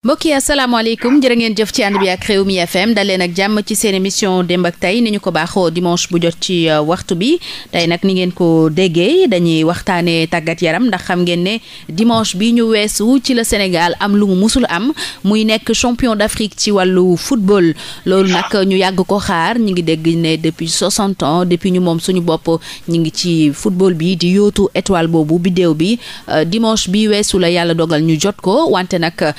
mbokk yi asalaamaaleykum jërë ngeen jëf ci ànd bi ak Rewmi FM daleen ak jàmm ci seen émission démb ak tey ni ñu ko baaxoo dimanche bu jot ci euh, waxtu bi tey nag ni ngeen ko déggee dañuy waxtaanee tàggat yaram ndax xam ngeen ne dimanche bi ñu weesu ci la Sénégal am lu mu musul am muy nekk champion d'Afrique ci wàllu football loolu nag ñu yàgg ko xaar ñu ngi dégg ne depuis 60 ans depuis ñu moom suñu bopp ñu ngi ci football bi di yootu étoile boobu biddéew bi euh, bi weesu la yàlla dogal ñu jot ko wante nag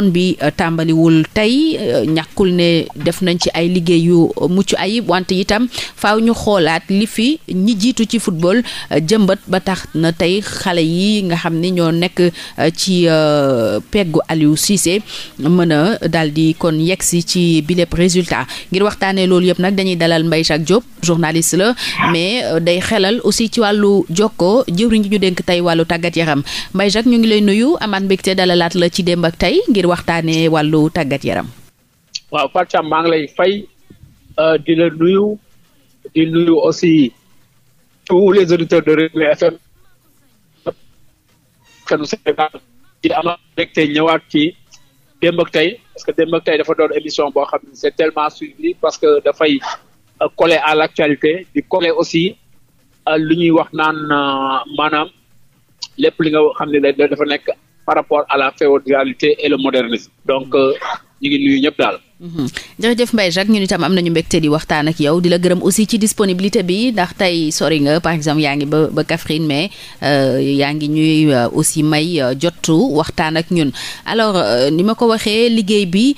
yoon bi euh, tàmbaliwul tey euh, ñàkkul ne def nañ ci ay liggéey yu mucc ayib wante yitam faw ñu xoolaat li fi ñi jiitu ci football euh, jëmbat ba tax na tey xale yi nga xam ni ñoo nekk ci peggu Aliou Cissé mën a daal di kon yegg si ci bilépp résultat ngir waxtaanee loolu yëpp nag dañuy dalal Mbaye Jacques Diop journaliste la mais day xelal aussi ci wàllu jokkoo jëwriñ gi ñu dénk tey wàllu tàggat yaram Mbaye Jacques ñu ngi lay nuyu amaat mbégte dalalaat la ci démb ak tey ngir waxtaanee wàllu tàggat yaram. waaw Fatou Thiam maa ngi lay fay euh, dina la nuyu di nuyu aussi tous les auditeurs de Rewmi FM kanu di am rek te ñëwaat ci démb ak tey parce que démb dafa doon émission boo xam ne c'est tellement suivi parce que dafay euh, coller à l'actualité di coller aussi euh, lu ñuy wax naan maanaam lépp li nga xam ne dafa nekk par rapport à la féodalité et le modernisme donc euh, ñu ngi nuyu ñëpp daal. Mhm. jërëjëf mbay Jacques ñun itam am nañu mbégte di waxtaan ak yow di la gërëm aussi ci disponibilité bi ndax tey sori nga par exemple yaa ngi ba ba Kaffrine mais euh, yaa ngi ñuy euh, aussi may euh, jotu waxtaan ak ñun alors ni ma ko waxee liggéey bi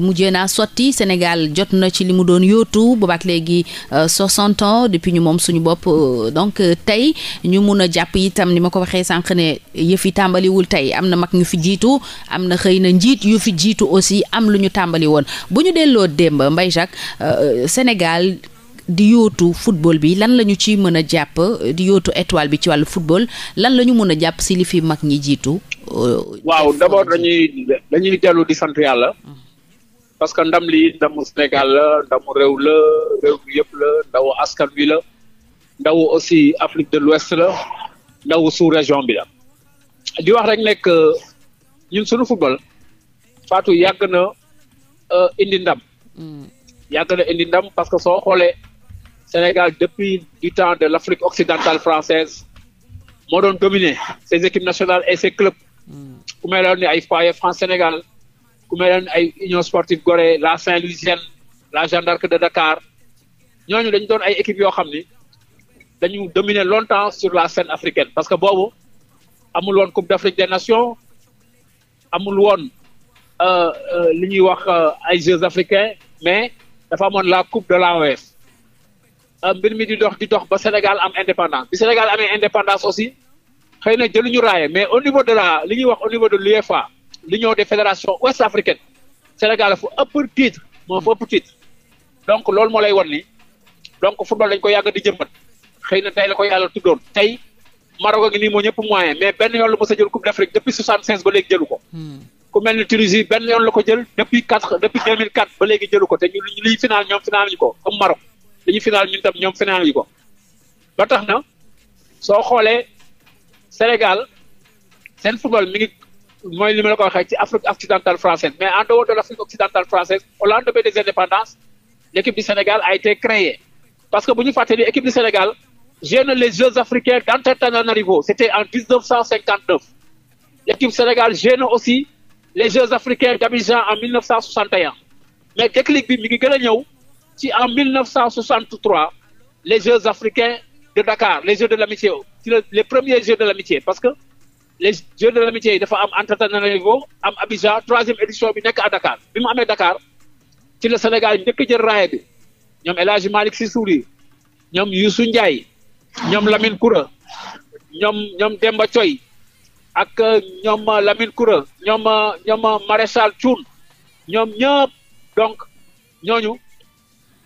mujjee naa sotti Sénégal jot na ci li mu doon yóotu boobaak léegi soixante ans depuis ñu moom suñu bopp donc tey ñu mun a jàpp itam ni ma ko waxee sànq ne yëf tàmbaliwul tey am na mag ñu fi jiitu am na xëy na njiit yu fi jiitu aussi am lu ñu tàmbali woon bu ñu delloo démb mbay Jacques euh, euh, Sénégal di yootu football bi lan lañu ci mën a jàpp di yootu étoile bi ci wàll football lan la ñu mën a jàpp si li fi mag ñi jiitu. Euh, waaw d'abord dañuy dañuy dellu di sant yàlla. Mm-hmm. parce que ndam li ndamu Sénégal la ndamu réew la réew bi yëpp la ndawu askan wi la ndawu aussi Afrique de l'Ouest la ndawu sous région bi la. di wax rek nekk ñun suñu football Fatou yàgg na. Euh, indi ndam. yàgg na indi ndam parce que soo xoolee Sénégal depuis du temps de l' Afrique occidentale française moo doon dominer ses équipes nationales et ses clubs. ku mel ne ay e Sénégal ku mel ay Union sportive Gorée la Saint-Louisienne la Jeanne d'Arc de Dakar ñooñu dañu doon ay équipes yoo xam ni dañu dominer longtemps sur la scène africaine parce que boobu amul woon Coupe d' des Nations amul woon. Euh, euh, li ñuy wax euh, ay Jeux africains mais dafa amoon la coupe de l'AOF mbir mi di dox di dox ba Sénégal am indépendance bi Sénégal amee indépendance aussi xëy na jëluñu raaye mais au niveau de la li ñuy wax au niveau de l'UEFA l'Union des fédérations ouest africaines Sénégal fu ëpp titre moo fa ëpp titre donc loolu moo lay wan ni donc football dañ ko yàgg di jëmbat xëy na tey la ko yàlla tuddoon tey Maroc a ngi nii moo ñëpp moyen mais benn yoon la mos a jël coupe d'Afrique ko hmm. ku mel ni Tunisie benn yoon la ko jël depuis quatre depuis deux mille quatre ba léegi jëlu ko te ñu final ñoom final ñu ko comme Maroc ñu final ñu ko ba tax na soo xoolee Sénégal seen football mi ngi mooy li ma la ci Afrique occidentale française mais en dehors de l' Afrique occidentale française au lendemain des indépendances l' du Sénégal a été créée parce que bu ñu fàtte ni équipe du Sénégal gêne les Jeux africains d'Antananarivo c' était en 1959 l' équipe Sénégal gêne les Jeux africains d'Abidjan en 1961 mais déclic bi mi ngi gën a ñëw ci en 1963 les Jeux africains de Dakar les Jeux de l'amitié ci les premiers Jeux de l'amitié parce que les Jeux de l'amitié yi dafa am Antananarivo am Abidjan troisième édition bi nekk à Dakar bi mu amee Dakar ci la Sénégal njëkk a jël raaya bi ñoom El Hadj Malick Sy Souris ñoom Youssou Ndiaye ñoom Lamine Koura ñoom Demba Coy ak ñoom euh, Lamine Koura ñoom ñoom Maréchal Thioune ñoom ñëpp donc ñooñu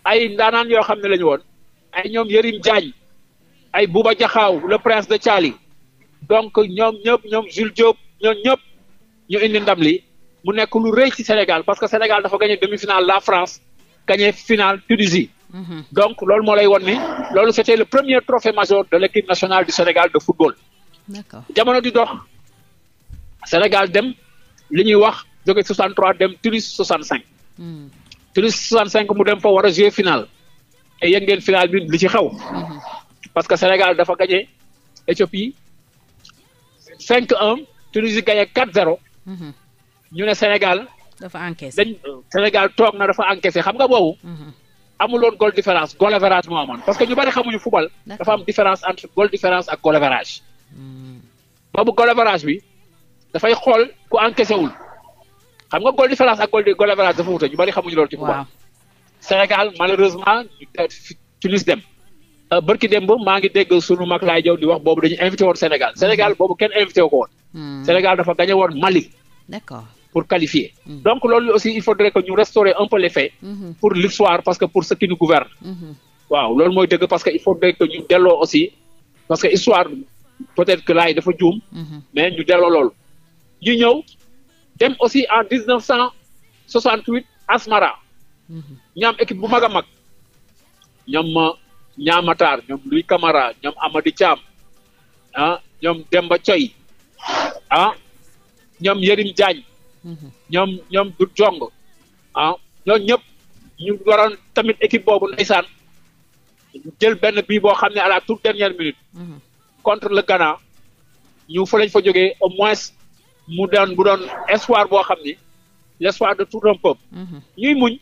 ay ndaanaan yoo xam ne la ñu woon ay ñoom Yérim jaañ ay Bouba Diakhao le prince de Thiali donc ñoom ñëpp ñoom Jules Diop ñoom ñëpp ñu indi ndam li mu nekk lu rëy ci Sénégal parce que Sénégal dafa gagné demi-finale la France gagné finale Tunisie. Mhm. donc loolu moo lay won ni loolu c'était le premier trophée major de l'équipe nationale du Sénégal de football. D'accord. di dox. Sénégal dem li ñuy wax jóge 63 dem Tunis 65. Hmm. Tunis 65 mu dem fa war a jouer final. te yëg final bi li ci xew. Hmm. parce que Sénégal dafa gagné Éthiopie 5-1 Tunisie gagné 4-0. Hmm. ñu ne Sénégal. dafa encaissé dañ Sénégal toog na dafa encaissé xam nga boobu. amuloon goal différence goal average moo amoon parce que ñu bari xamuñu football. dafa am différence entre goal différence ak goal average. boobu goal average bi dafay xool ku encaissé wul xam nga goal différence ak goal de goal average dafa wute ñu bari xamuñu loolu. ci football Sénégal malheureusement Tunis dem. Euh, barki démb maa ngi dégg sunu mag laay jaw di wax boobu dañu invité woon Sénégal mm-hmm. Sénégal boobu kenn invité wu ko woon. Mm-hmm. Sénégal dafa gagné woon Mali. d'accord pour qualifier. Mm-hmm. donc loolu aussi il faudrait que ñu restaurer un peu les faits. pour l'histoire parce que pour ceux qui nous gouvernent. waaw loolu mooy dëgg parce que il faudrait que parce que histoire peut-être que laay dafa juum. mais ñu delloo loolu. ñu ñëw dem aussi en dix neuf cent soixante huit Asmara mhm. ñu am équipe bu mag a mag ñoom ñaamataar euh, ñoom Louis Camara ñoom Amady Thiam ah ñoom Demba Coy ah ñoom Yérim Diagne mhm. ñoom ñoom du jong ah ñoom ñëpp ñu waroon tamit équipe boobu ndeysaan jël benn bii boo xam ne à la toute dernière minute mhm. contre le Ghana ñu fa lañ fa jógee au moins mu daan bu doon espoir boo xam ni l'espoir de tout un peuple. Mhm. ñuy muñ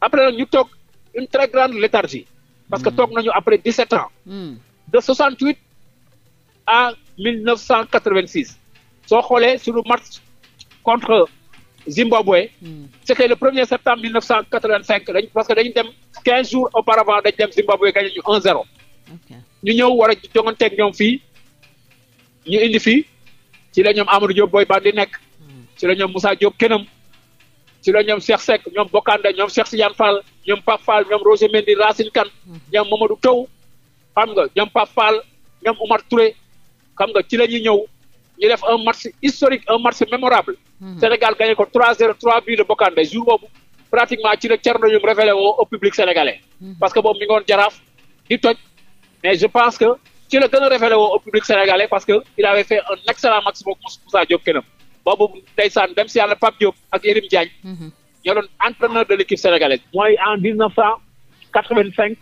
après nag ñu toog une très grande léthargie. parce que mhm. toog nañu après 17 ans. Mhm. de 68 à 1986. soo xoolee sur le match contre Zimbabwe. c'était le 1er septembre 1985 dañ parce que dañu dem 15 jours auparavant dañ dem Zimbabwe gagné ñu 1-0. ñu ñëw war a joŋanteeg ñoom fii ñu indi fii. ci la ñoom Amadou Diop Boy Bandi nekk hmm. ci la ñoom Moussa Diop Kenam ci la ñoom Cheikh Seck ñoom Bokanda ñoom Cheikh Sidiane Fall ñoom Pape Fall ñoom Roger Mendy Racine Kane hmm. ñoom Mamadou Taw xam nga ñoom Pape Fall ñoom Oumar Touré xam nga ci la ñuy ñëw ñu def un match historique un match mémorable hmm. Sénégal gagné ko 3-0 3 buts de Bokanda jour boobu pratiquement ci la Thierno Youm révélé woo au public sénégalais parce que boobu mi jaraaf di toj mais je pense que ci la gën a révélé woo au public sénégalais parce que il avait fait un excellent match boobu mos Moussa Diop kenam boobu ndeysaan dem si yàlla Pape Diop ak Yérim Diagne ñoo mhm. doon de l'équipe sénégalaise mooy en dix neuf cent quatre vingt cinq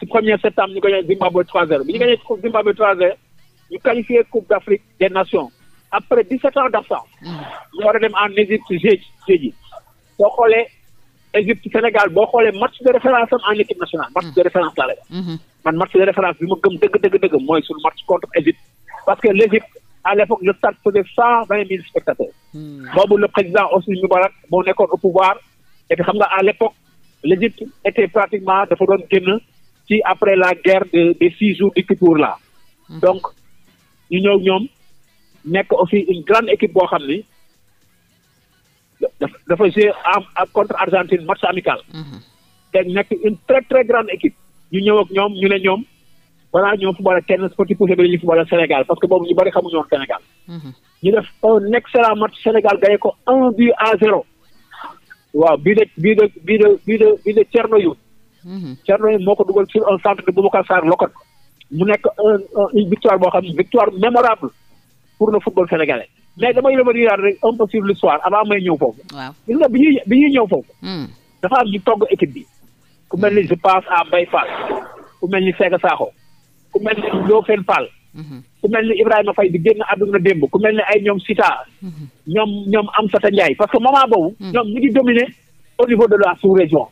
ci septembre ñu gagné Zimbabwe trois zéro bi ñu gagné Zimbabwe trois zéro ñu qualifié coupe d'Afrique des nations après dix sept ans d'absence mhm. ñu war a en Égypte jeudi jeudi soo Égypte Sénégal boo xoolee match de référence am en équipe nationale match de référence laa lay mhm. man match de référence bi ma gëm dëgg dëgg dëgg mooy match contre Égypte parce que l'Égypte à l'époque le stade faisait cent vingt mille spectateurs hmm. boobu le président Hosni Moubarak moo nekkoon au pouvoir et puis xam nga à l'époque l'Égypte était pratiquement dafa doon génn ci après la guerre de six jours du Kippour là hmm. donc ñu ñëw ñoom nekk aussi une grande équipe boo xam ni dafa joué à contre Argentine match amical. Mhm. te nekk une très très grande équipe. ñu ñëw ak ñoom ñu ne ñoom voilà ñoom football ak kenn sportif poussé bi la football Sénégal parce que boobu ñu bëri xamuñu Sénégal. Mhm. ñu def un excellent match Sénégal gagné ko un but à zéro. waaw bii de bii de bii de bii de bii de Thierno Youn. Mhm. Thierno Youn moo ko dugal sur un centre de Boubacar Sarr lokot mu nekk un une victoire boo xam ne victoire mémorable pour le football sénégalais. mais damay revenir rek un peu sur l'histoire avant may ñëw foofu. waaw bi ñuy bi ñuy ñëw foofu. Hmm. dafa am ñu togg équipe bi. ku mel ni hmm. je pense à Mbaye ku mel ni Sega Sakho. ku mel ni Ndofène Fall. Hmm. ku mel ni Ibrahima Faye di génn àdduna démb ku mel ni ay ñoom Sita. ñoom ñoom sa Ndiaye parce que moment boobu. ñoom ñu ngi dominer au niveau de la sous-région.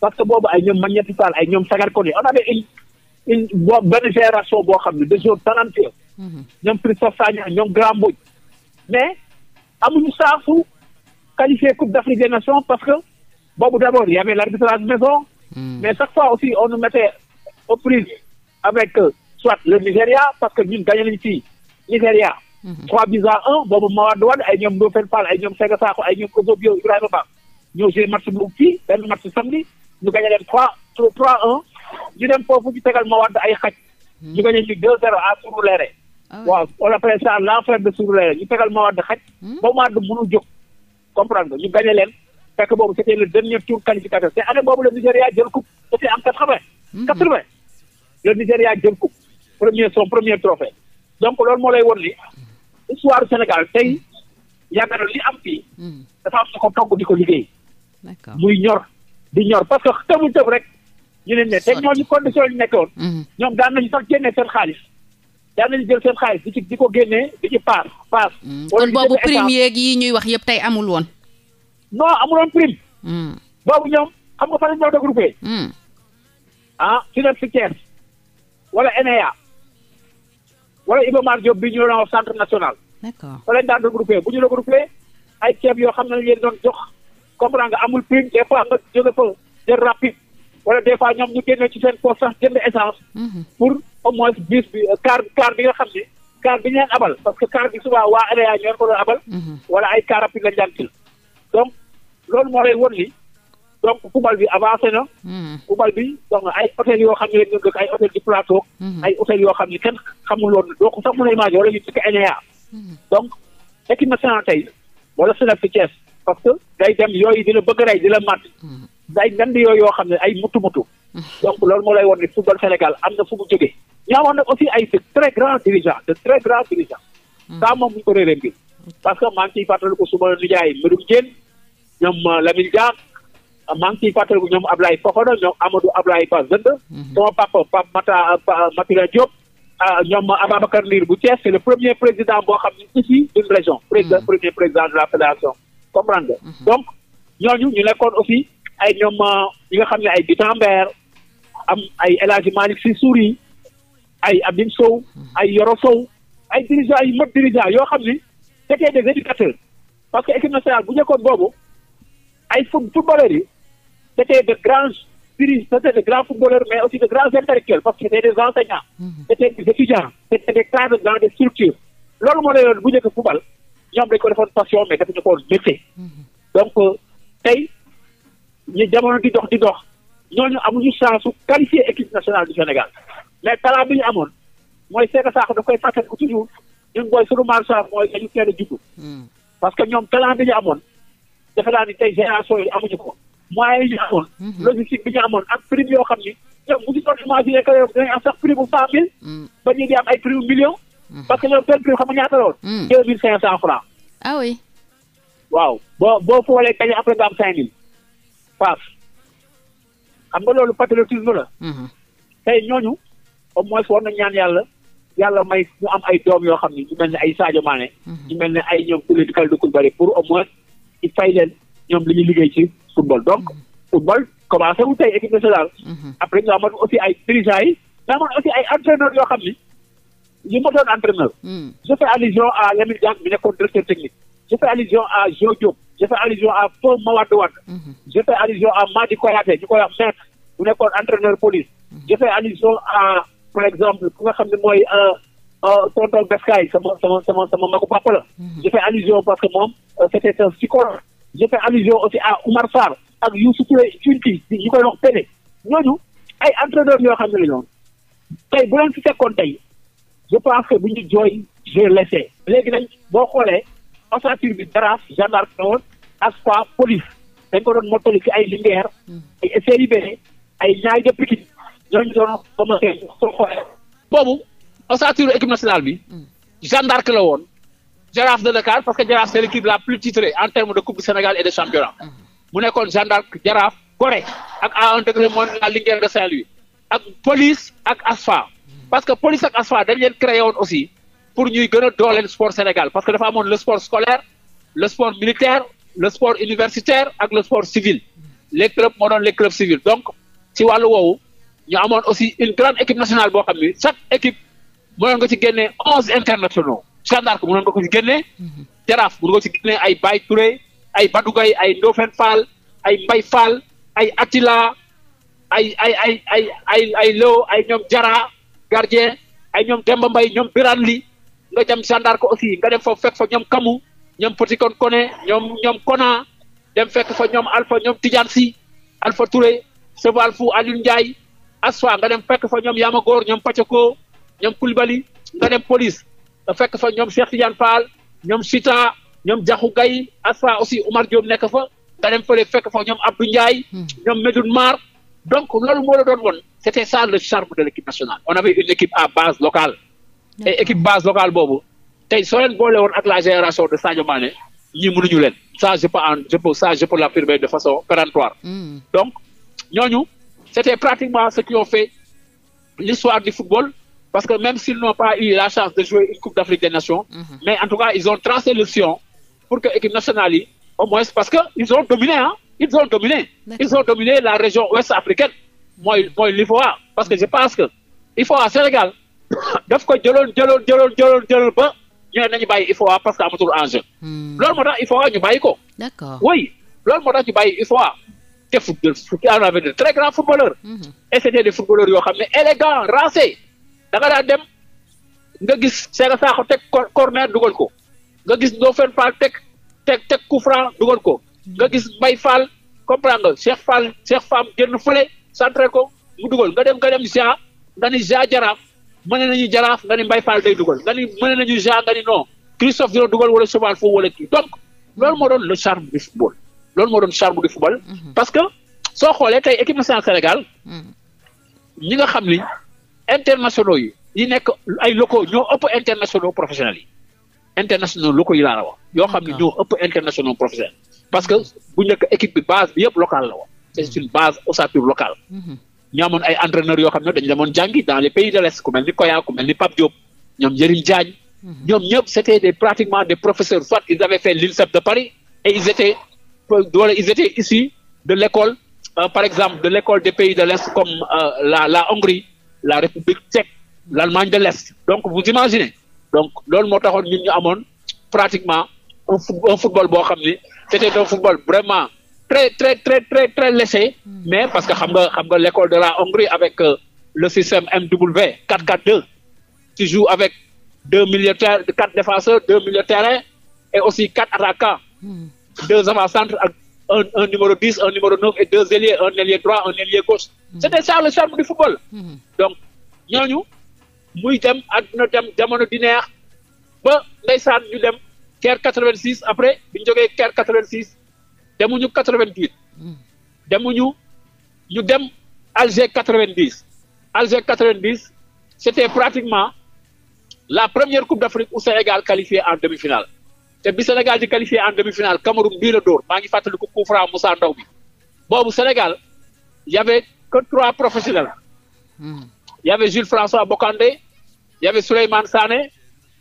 parce que boobu ay ñoom Magnati Fall ay ñoom Sagar Koné on avait une une bo benn génération boo xam ne de jours talentueux. mais amuñu saafu qualifier Coupe d'Afrique des Nations parce que boobu d'abord y avait l'arbitrage maison hmm. mais chaque fois aussi on nous mettait aux prises avec euh, soit le Nigeria parce que ñun gagné nañu fii Nigeria hmm. trois buts à un boobu Mawade Wade ay ñoom Ndofène Fall ay ñoom Sega Sakho ay ñoom Kozobio Ibrahima Ba ñoo joué match bu fii benn match samedi ñu gagné leen trois trois un ñu dem foofu ñu tegal Mawade ay xaj hmm. ñu gagné ñu deux zéro à Sourouléré Ah waaw wala après ça l'enfer de sourire ñu tegal Mawade xaj. Hmm? ba Mawade mënul jóg comprendre nga ñu gagné leen fekk boobu c'était le dernier tour qualificateur te année boobu le Nigéria jël coupe dafay am quatre-vingt. Hmm. quatre-vingt le Nigéria jël coupe premier son premier trophée donc loolu moo lay won ni histoire Sénégal tey yaakaar naa li am fii. Hmm. dafa am su ko togg di ko liggéey. muy ñor di ñor parce que tëbul tëb rek ñu ne ne te ñooñu condition yi nekkoon. ñoom daan nañu sax génne seen xaalis. daan nañu jël seen xaalis di ci di ko génnee di ci paas paas. Mm. kon boobu prime yeeg yi ñuy wax yëpp tey amul woon. non amul woon prime. Mm. boobu ñoom xam nga fa la ñoo regroupé. Mm. ah Sineps si Thiès wala ENEA wala Iba Mar Diop bi ñu doon centre national. d'accord fa lañ daan regroupé bu ñu regroupé ay ceeb yoo xam ne leen doon jox comprendre nga amul prime des fois nga jóge fa des fois ñoom ñu génne ci seen poche sax jënd essence. Mm-hmm. pour. au moins bis bi car euh, car bi nga xam ne car bi ñu abal parce que car bi souvent waa ANACIM ñoo ko doon abal. Mhm. wala ay car rapide lañ daan donc loolu moo lay won li donc football bi avancé na. Mhm. football bi donc ay hôtel yoo xam ne dañu dëkk mhm. yoo xam ne kenn xamul woon doo ko a imaginer wala ñu dëkk que day dem yooyu dina bëgg rey dina mat. day ngand yooyu yoo xam ne ay mutu mutu. donc loolu moo lay won ni Sénégal am na fu mu ñu amoon nag aussi ay de très grands dirigeants de très grands dirigeants. saa hmm. ñu ko réeree mbir. parce que maa ngi ciy fàttaliku suma nijaay Medoum Dieng ñoom euh, Lamine Diack maa ngi ciy fàttaliku ñoom Ablaye Fofana ñoom Amadou Ablaye Ba Zënd. Hmm. sama papa Pape Mata euh, euh, Matula Diop. ñoom Ababacar Lir bu Thiès c'est le premier président boo xam ne ici d'une région. Hmm. président premier président de la fédération comprendre nga. donc ñooñu ñu nekkoon aussi ay ñoom ñi nga xam ne ay Guitambert am ay El Hadj Malick ay Abdou Sow ay Yoro Sow ay dirigeants yu mot yoo xam ni c'était des éducateurs parce que équipe nationale bu njëkkoon boobu ay foot footballeurs yi c'était de grands dirigeants c'était de grands footballeurs mais aussi de grands intellectuels parce que c'était des enseignants mmh. c'était des étudiants c'était des cadres dans des structures loolu moo lay yoon bu njëkk football ñoom dañ ko defoon passion mais dafa ñu ko mmh. donc euh, tey ñu jamono di dox di dox ñooñu amuñu chance su qualifier équipe nationale du mais talent bi ñu amoon mooy Séga Sakho da koy fàttaliku toujours ñun booy sunu maam Sarr mooy dañu teel a hmm. parce que ñoom talent bi ñu amoon defe naa ni tey génération yi amuñu ko moyens yi ñu amoon. Hmm. logistique bi ñu amoon ak prix yoo xam ni ñoom bu ñu doon imaginer que am sax prix bu cent mille. Hmm. ba ñu di am ay prix bu que ñoom benn prix xam nga ñaata lool. deux mille cinq cent francs. ah waaw boo boo foolee kañ après nga am cinq mille paas xam nga loolu patriotisme la. tey ñooñu. au moins war na ñaan yàlla yàlla may ñu am ay doom yoo xam ne ñu mel ne ay Sadio mhm. ñu mel ne ay ñoom Koulibaly Kalidou Koulibaly pour au moins ñu fay leen ñoom li ñuy liggéey ci football donc mhm. football commencé wu tey équipe nationale. Mhm. après a amoon aussi ay dirigeants yi. mais amoon aussi ay entraîneurs yoo xam ni ñu ma doon entraîneur. je fais allusion à Lamine Diack mi allusion à Jo Diop. je fais je fais allusion à Madi Koyaté ñu koy wax maître mu nekkoon entraîneur par exemple ku nga xam ne mooy euh, euh, tonton Gaskaay sama sama sama sama magu papa la. Mhm. je fais allusion parce que moom euh, c' était un psychologue. je fais allusion aussi à Oumar Sarr ak Youssou Touré Tunti ñu koy wax Pene ñooñu ay entraîneurs yoo xam ne la ñoom tey bu leen fi fekkoon tey je pense que bu ñu jooy j'ai laissé. léegi nag boo xoolee ossature bi daraaf gendarmerie aspa police dañ ko doon mottali ci ay Linguère mhm. ay SRIB ay ñaar yëpp ñooñu doon commencé soo xoolee. boobu ossature équipe nationale bi. Jeanne d'Arc la woon. Jaraaf de Dakar parce que Jaraaf c'est la plus titrée en termes de coupe du Sénégal et de championnat. mu nekkoon Jeanne d'Arc Jaraaf Gorée ak à un degré moins de Saint-Louis. ak police ak ASFA. parce que police ak ASFA dañ leen créé woon aussi pour ñuy gën a dooleel sport Sénégal parce que dafa amoon le sport scolaire le sport militaire le sport universitaire ak le sport civil les clubs moo doon les clubs donc ci wàllu woowu ñu amoon aussi une grande équipe nationale boo xam ni chaque équipe mënoon nga ci génnee onze internationaux gendarme mënoon nga ko ci génnee. Mhm. jaraaf mënoon nga ci génnee ay Baye Touré ay Badugay ay Ndofène Fall ay Mbaye Fall ay Attila ay ay ay ay ay ay Léo ay ñoom Jara gardien ay ñoom Demba Mbaye ñoom Birane Ly nga dem gendarme ko aussi nga dem foofu fekk fa ñoom Kamu ñoom Petit Kon Koné ñoom ñoom Kona dem fekk fa ñoom Alpha ñoom Tidiane Sy Alpha Touré Sebal Fou asfa nga dem fekk fa ñoom Yaama Góor ñoom Pacako ñoom Kulibali nga dem police nga fekk fa ñoom Cheikh Tidiane Fall ñoom Sita ñoom Jaxu Gay aussi Umar Diop nekk fa nga dem fekk fa ñoom Abdou Ndiaye hmm. ñoom Medoune Mar donc loolu moo la doon woon c' était le charme de l' équipe nationale on avait une équipe à base locale et équipe base locale boobu tey soo leen boole woon ak la génération de Sadio Mané ñii mënuñu leen ça je peux en je peux ça je peux l'affirmer de façon péremptoire hmm. donc C'était pratiquement ce qui ont fait l'histoire du football, parce que même s'ils n'ont pas eu la chance de jouer une Coupe d'Afrique des Nations, mhm. mais en tout cas, ils ont tracé pour que l'équipe nationale, y, au moins, parce qu'ils ils ont dominé. Ils ont dominé la région ouest africaine. Moi, moi parce que je pense que il faut à Sénégal, daf ko jëloon jëloon jëloon jëloon jëloon ba ñu ne nañu bàyyi il faut parce que amatul enjeu. Hmm. loolu moo il faut te football on avait de très grands footballeurs. Mhm. et c'était des footballeurs yoo xam ne élégants rancés da nga daan dem nga gis Sega Sakho teg corner dugal ko nga gis Ndofène Fall teg teg teg coup franc dugal ko nga gis mbay Fall comprendre nga Cheikh Fall Cheikh Fall génn fële centré ko mu dugal nga dem nga dem Jean nga ni Jean Jaraaf mën nañu Jaraaf nga ni Mbaye Fall day dugal nga ni mën nañu Jean nga ni non Christophe dina dugal wala Cheval Fou wala kii donc loolu moo doon le charme du football. loolu moo doon charme du football. Mhm. parce que soo xoolee tey équipe nationale Sénégal. Mhm. ñi nga xam ni internationaux yi yi nekk ay locaux ñoo ëpp internationaux professionnels yi. internationaux locaux yi laa la wax. yoo xam ni ñoo ëpp internationaux professionnels. parce que bu nekk équipe bi base bi yëpp locale la wax. Mhm. c'est une base ossature locale. ñu ay entraîneurs yoo xam ne dañu demoon jàngi dans les pays de l'Est ku mel ni Koya mel ni Pape Diop ñoom ñëpp c'était des des professeurs soit ils avaient fait l'INSEP voilà, ils étaient issus de l'école, euh, par exemple, de l'école des pays de l'Est comme euh, la, la Hongrie, la République tchèque, l'Allemagne de l'Est. Donc, vous imaginez. Donc, loolu moo taxoon ñun ñu amoon pratiquement un, football boo xam ni c'était un football vraiment très très très très très mm. mais parce que xam nga xam nga l'école de la Hongrie avec euh, le système MW 4-4-2 qui joue avec deux milieux de terrain quatre défenseurs deux milieux de terrain et aussi quatre attaquants. Mm. deux avant centre ak un un numéro un numéro neuf et deux ailiers un ailier droit un ailier gauche. Hmm. c'était ça le charme du football. Hmm. donc ñooñu muy dem àdduna dem jamono di neex ba ndeysaan ñu dem Caire 86 après bi ñu jógee Caire 86 demuñu 88. Hmm. demuñu ñu dem Alger 90 Alger 90 c'était pratiquement la première Coupe d'Afrique où Sénégal qualifié en demi-finale. te bi Sénégal di qualifié en demi-finale Cameroun bii la dóor maa ngi fàttali ko coup franc Moussa Ndaw bi boobu Sénégal y avait que trois professionnels hmm. y avait Jules François Bocandé y avait Souleymane Sané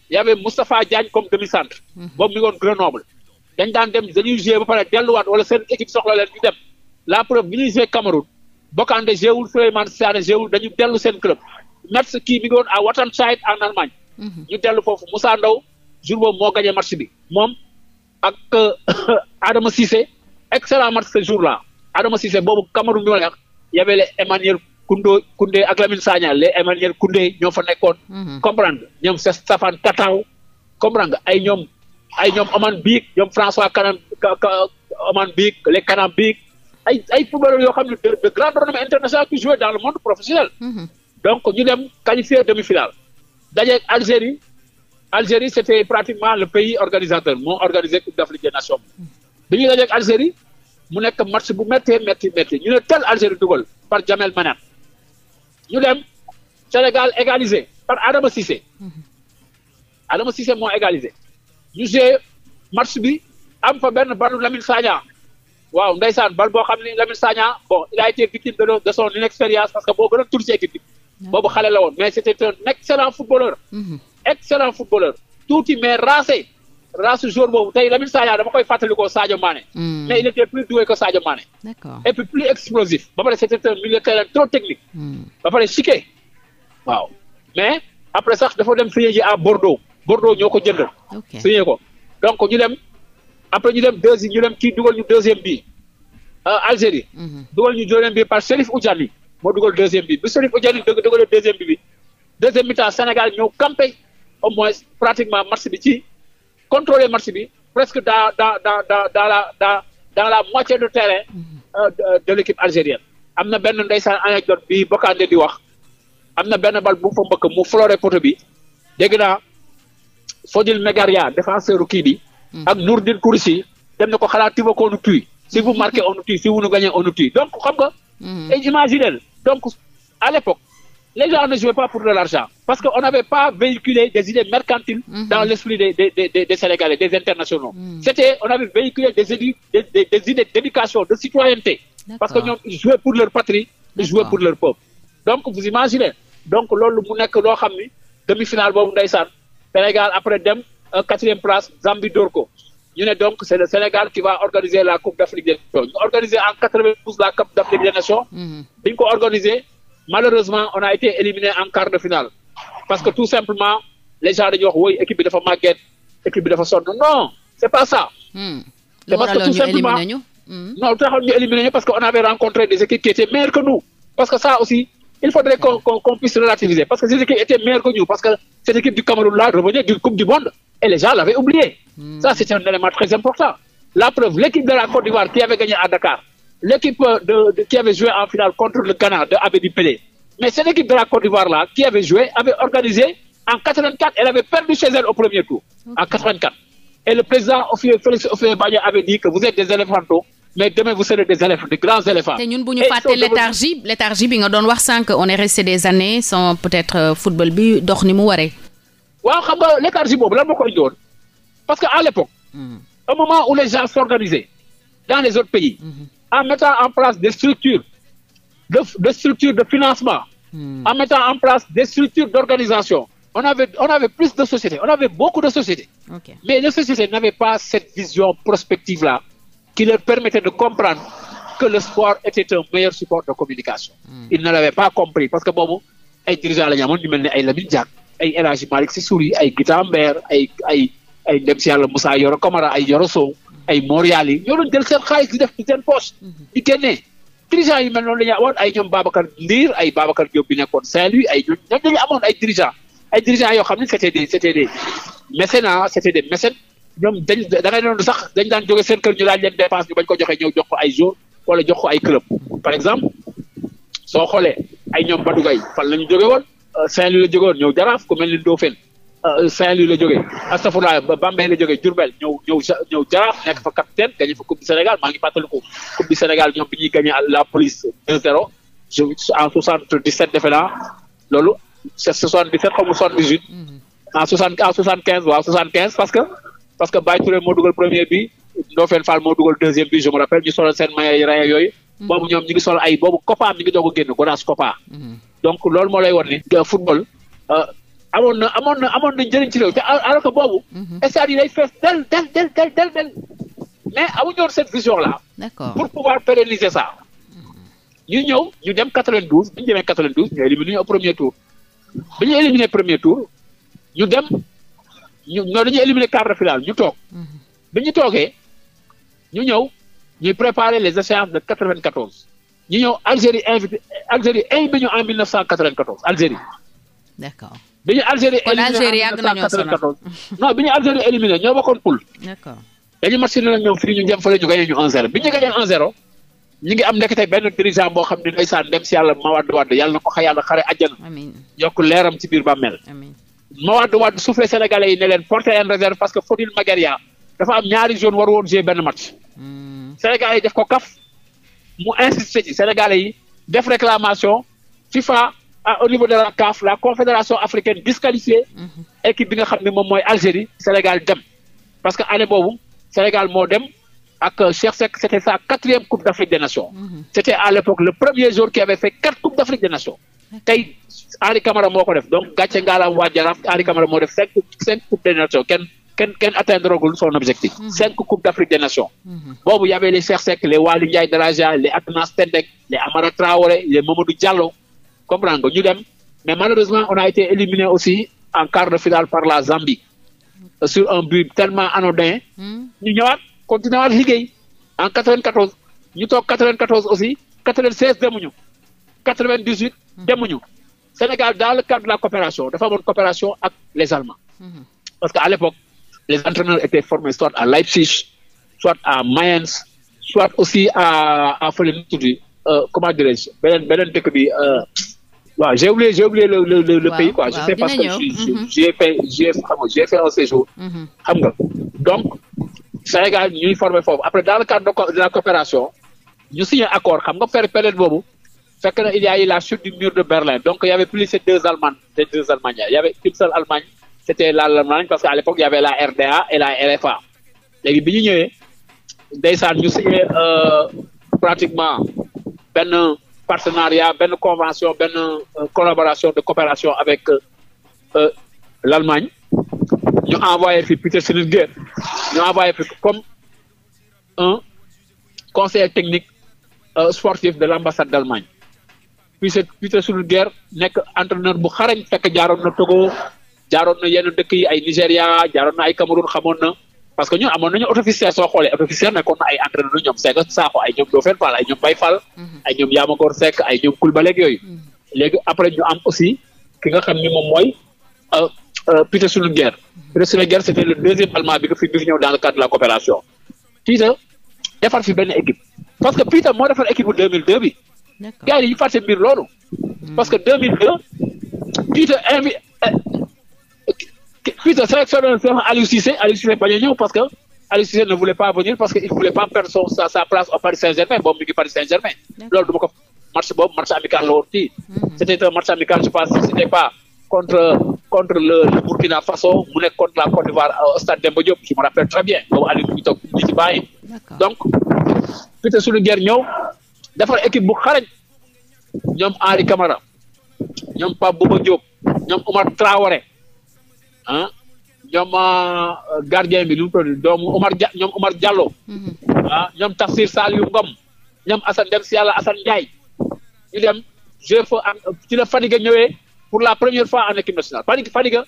y avait Moustapha Diagne comme demi-centre hmm. boobu mi ngoon Grenoble dañ daan dem dañuy jouer ba pare delluwaat wala seen équipe soxla leen ñu dem la preuve bi ñuy jouer Cameroun Bocandé jéewul Souleymane Sané jéewul dañu dellu seen club Metz kii mi ngi woon à Wattenscheid en Allemagne hmm. ñu dellu foofu Moussa jour boobu moo gagné match bi moom ak Adama Cissé excellent match ce jour là Adama Cissé boobu Cameroun bi ma lay wax yabele Emmanuel Koundé Koundé ak Lamine Sagna les Emmanuel Koundé ñoo fa nekkoon. Mhm. comprendre nga ñoom c'est Stéphane Tatao comprendre nga ay ñoom ay ñoom Oman Biik ñoom François Kanam Oman Biik les Kanam Biik ay ay footballeurs yoo xam ne de de grand renommée international qui jouait dans le monde professionnel. Mhm. donc ñu dem qualifier demi-finale dajeeg Algérie. Algérie c'était pratiquement le pays organisateur moo organisé Coupe d'Afrique des Nations bi ñuy dajeek Algérie mu nekk match bu méttee métti métti ñu ne tel Algérie dugal par Jamel Manan ñu dem Sénégal égalisé par Adama Cissé Adama Cissé moo égalisé ñu joué match bi am fa benn balu Lamine Sagna waaw ndeysaan bal boo xam ne Lamine Sagna bon il a été victime de de parce que boo gën a tur ci équipe bi boobu xale mais c'était un excellent footballeur. Mm-hmm. excellent footballeur tuuti mais raase raase jour boobu tey Lamine Sagna dama koy fàttali ko Sadio Mané. Hmm. mais il était plus doué que Sadio Mané. d'accord et puis plus explosif. ba pare c'était un milieu trop technique. Hmm. ba pare chiqué waaw mais après sax dafa dem signé ji à Bordeaux Bordeaux ñoo ko jëndal. ok signé ko donc ñu dem après ñu dem deuxième ñu dem kii dugal ñu deuxième bi euh, Algérie. Hmm. dugal ñu deuxième bi par Chérif Oudjani moo dugal deuxième bi bi Chérif Oudjani dëgg dugal deuxième bi bi deuxième mi-temps Sénégal au moins pratiquement match bi ci contrôler match bi presque dans dans dans la dans dans moitié du terrain mhm. euh, de l'équipe algérienne am na benn ndeysaan anecdote bi Bocandé di wax am na benn bal bu fa mu floré poto bi dégg naa Fodil Megaria défenseur kii bi mhm. ak Nourdine Kourissi dem na ko xalaat tu veux qu'on si vous marquez on nous si vous nous gagnez on nous donc xam nga mhm. imaginez donc les gens ne jouaient pas pour de l'argent parce qu'on n'avait pas véhiculé des idées mercantiles mmh. dans l'esprit des, des, des, des, Sénégalais, des internationaux. Mhm. C'était, on avait véhiculé des, idées, des, idées de citoyenneté, parce qu'ils jouaient pour leur patrie, ils jouaient pour leur peuple. Donc vous imaginez, donc loolu mu nekk loo xam ni demi-finale boobu ndeysaan Sénégal après dem euh, quatrième place Zambie dóor ñu ne donc le Sénégal qui va organiser la Coupe d'Afrique des Nations ñu malheureusement on a été éliminé en quart de finale parce que tout simplement les gens dañuy wax woy équipe bi dafa màgget non c'est pas ça. Hmm. Hmm. non avait rencontré des équipes qui étaient meilleures que nous parce que ça aussi il faudrait qu'on puisse relativiser parce que ces équipes étaient meilleures que nous parce que cette équipe du Cameroun là revenait d'une coupe du monde et les gens l'avaient oublié. Hmm. ça c'est un élément très important la preuve l'équipe de, de, qui avait joué en finale contre le Ghana de Abedi Pelé. Mais cette équipe de la Côte d'Ivoire là, qui avait joué, avait organisé en elle avait perdu chez elle au premier tour, en Et le président Félix oufé avait dit que vous êtes des éléphantaux, mais demain vous serez des éléphants, des grands éléphants. on est resté des années sans peut-être euh, football bi dox ni mu waree. waaw xam nga parce que à l'époque, mm. en mettant en place des structures de, de structures de financement, hmm. en mettant en place des structures d'organisation. On avait, on avait plus de sociétés, on avait beaucoup de sociétés. Mais les sociétés n'avaient pas cette vision prospective-là qui leur permettait de comprendre que le sport était un meilleur support de communication. Hmm. Ils ne l'avaient pas compris parce que boobu ay dirigeants la ñu amoon ñu mel ne ay Lamine Diack ay El Hadji Malick Sy ay Guy Tambert ay ay ay dem si yàlla Moussa Yoro Camara ay Yoro Sow ay Montréal yi ñoo doon jël seen xaalis di def ci seen poche mhm. di yi mel noonu la ñu amoon ay ñoom Babacar Ndiir ay Babacar Diop bi nekkoon Saint-Louis ay ñoom ñoom dañu amoon ay dirigeants ay dirigeants yoo xam ne c'était des c'était des mécénats c'était des mécènes ñoom dañ da ngay doon sax dañ daan jóge seen kër ñu laaj leen dépense bañ ko joxee ñëw jox ko ay jour wala jox ko ay club par exemple soo xoolee ay ñoom Badou Gueye fan la woon euh, Saint-Louis la jóge woon ñëw Jaraaf Euh, Saint-Louis la jógee astafurla la jógee Diourbel ñëw ñëw ñëw nekk fa capitaine gagné fa coupe du Sénégal maa ngi coupe du Sénégal ñoom bi ñuy gagné la police 2-0 je en 77 defe naa loolu c'est 77 xaw ma 78 mhm. en 60 en 75 waaw 75 parce que parce que Baye Touré moo dugal premier bi Ndofène Fall moo deuxième bi je me ñu solo seen maillot raya yooyu. Mhm. ñoom ñu solo ay boobu Copa mi ngi doog a génn Gonaas amoon na amoon na amoon na njëriñ ci réew te alors que boobu. Mhm. stade yi day fees del del del del del del mais amuñu woon cette vision là. d'accord pour pouvoir pérenniser ça. ñu ñëw ñu dem 92 bi ñu demee 92 ñu éliminé au premier tour bi ñu éliminé premier tour ñu dem ñu noonu dañuy éliminé quart de finale ñu toog. Mhm. bi ñu toogee ñu ñëw ñuy préparer les échéances de 94 ñu ñëw Algérie invité Algérie invité ñu en 1994 Algérie. d' accord bi ñu Algérie éliminé en 1994 non ñoo bokkoon poule. d' accord dañu match ni nag ñoom fii ñu jëm ñu gagné bi ñu gagné 1-0 ngi am ndekete benn dirigeant boo xam ne ndeysaan dem si yàlla Mawaddu Wade yàlla na ko xa yàlla xare àjjana. yokk leeram ci biir bàmmeel. amiin Mawaddu Wade soufflé sénégalais yi ne leen en réserve parce que Fodil Magaria dafa am ñaari jaune waru woon jouer benn match. Hmm. sénégalais yi def ko kaf mu insisté ci sénégalais yi def réclamation FIFA. au niveau de la CAF la confédération africaine disqualifiée mhm. équipe bi nga xam ne moom mooy Algérie Sénégal dem parce que année boobu Sénégal moo dem ak euh, Cheikh Seck c' était sa quatrième coupe d' Afrique des nations mhm. à l' le premier jour qui avait fait quatre coupes d' Afrique des nations tey Henri Camara moo ko def donc gàcce ngaalaam waa Jaraaf Henri Camara moo def cinq cinq coupes des nations kenn kenn kenn atteindre gul son mhm. cinq coupes d' Afrique des boobu y avait les Cheikh Seck les Daraja les Atanas Tendek les Amara Traoré les Mamadou Diallo comprendre nga ñu dem mais malheureusement on a été éliminé aussi en quart de finale par la Zambie sur un but tellement anodin. Hmm. ñu ñëwaat continué waat en 94 ñu toog aussi 96 demuñu 98 hmm. demuñu Sénégal dans le de la coopération dafa amoon coopération ak les Allemands. Hmm. parce que à l'époque les entraîneurs étaient formés soit à Leipzig soit à Mayence soit aussi à à fële nu Euh, comment dirais-je beneen de dëkk bi euh, waaw j'ai oublié le pays quoi. je sais parce que j'ai fait j'ai xam nga j'ai fait un séjour. Mm-hmm. Mm-hmm. xam nga donc Sénégal ñuy formé foofu après dans le cadre de la coopération ñu signé accord xam nga per période boobu. fekk na il y a eu la chute du mur de Berlin donc il y avait plus ces deux Allemagnes ces deux Allemagnes parce que à l'époque il y avait la RDA et la RFA léegi bi ñu ñëwee ndeysaan ñu signé euh, pratiquement benn partenariat benn convention benn euh, collaboration de coopération avec euh, euh, l'Allemagne ñu envoyé fi Peter Schnittger ñu envoyé fi comme un conseiller technique sportif de l'ambassade d'Allemagne Peter Peter Schnittger nekk entraîneur bu xarañ fekk jaaroon na Togo jaaroon na yenn dëkk yi ay Nigéria jaaroon ay Cameroun xamoon na parce que ñun amoon nañu autoficiel soo xoolee autoficiel nekkoon na ay entraîneur ñoom Sega Sakho ay ñoom Dofeen Fall ay ñoom Bay Fall mhm. ay ñoom Yaamagor Seck ay ñoom Kulbaleeg yooyu mhm. léegi après ñu am aussi ki nga xam ni moom mooy euh, euh, Peter Schnittger mhm. Peter Schnittger c' était le deuxième allemand bi nga fi bi fi ñëw dans le cadre de la coopération Peter defar fi benn équipe parce que Peter moo defar équipe bu 2002 bi gars yi ñu fàtte mbir loolu parce que 2002 Peter euh, puisque sélectionné Aliou Cissé Aliou parce que Aliou Cissé ne voulait pas venir parce que il voulait pas perdre sa place au Paris Saint-Germain boobu mi ngi Saint-Germain. loolu du ma ko match boobu amical la woon fii. Hmm. c' amical je pense contre contre le Burkina Faso mu nekk contre la Côte d'Ivoire euh, au stade Demba Diop je me rappelle très bien boobu Aliou mi ngi toog mi équipe bu xarañ ñoom Henri Camara ñoom Pape Bouba Diop ñoom Omar Traoré. ah ñoom ah, gardien bi nu mu produit doomu Omar Dia ñoom Omar Diallo mhm. ah ñoom Tafsir Saliou Ngom ñoom Assane dem si yàlla Assane Ndiaye ñu dem je fa am ci la Fadiga ñëwee pour la première fois en équipe nationale Fadiga Fadiga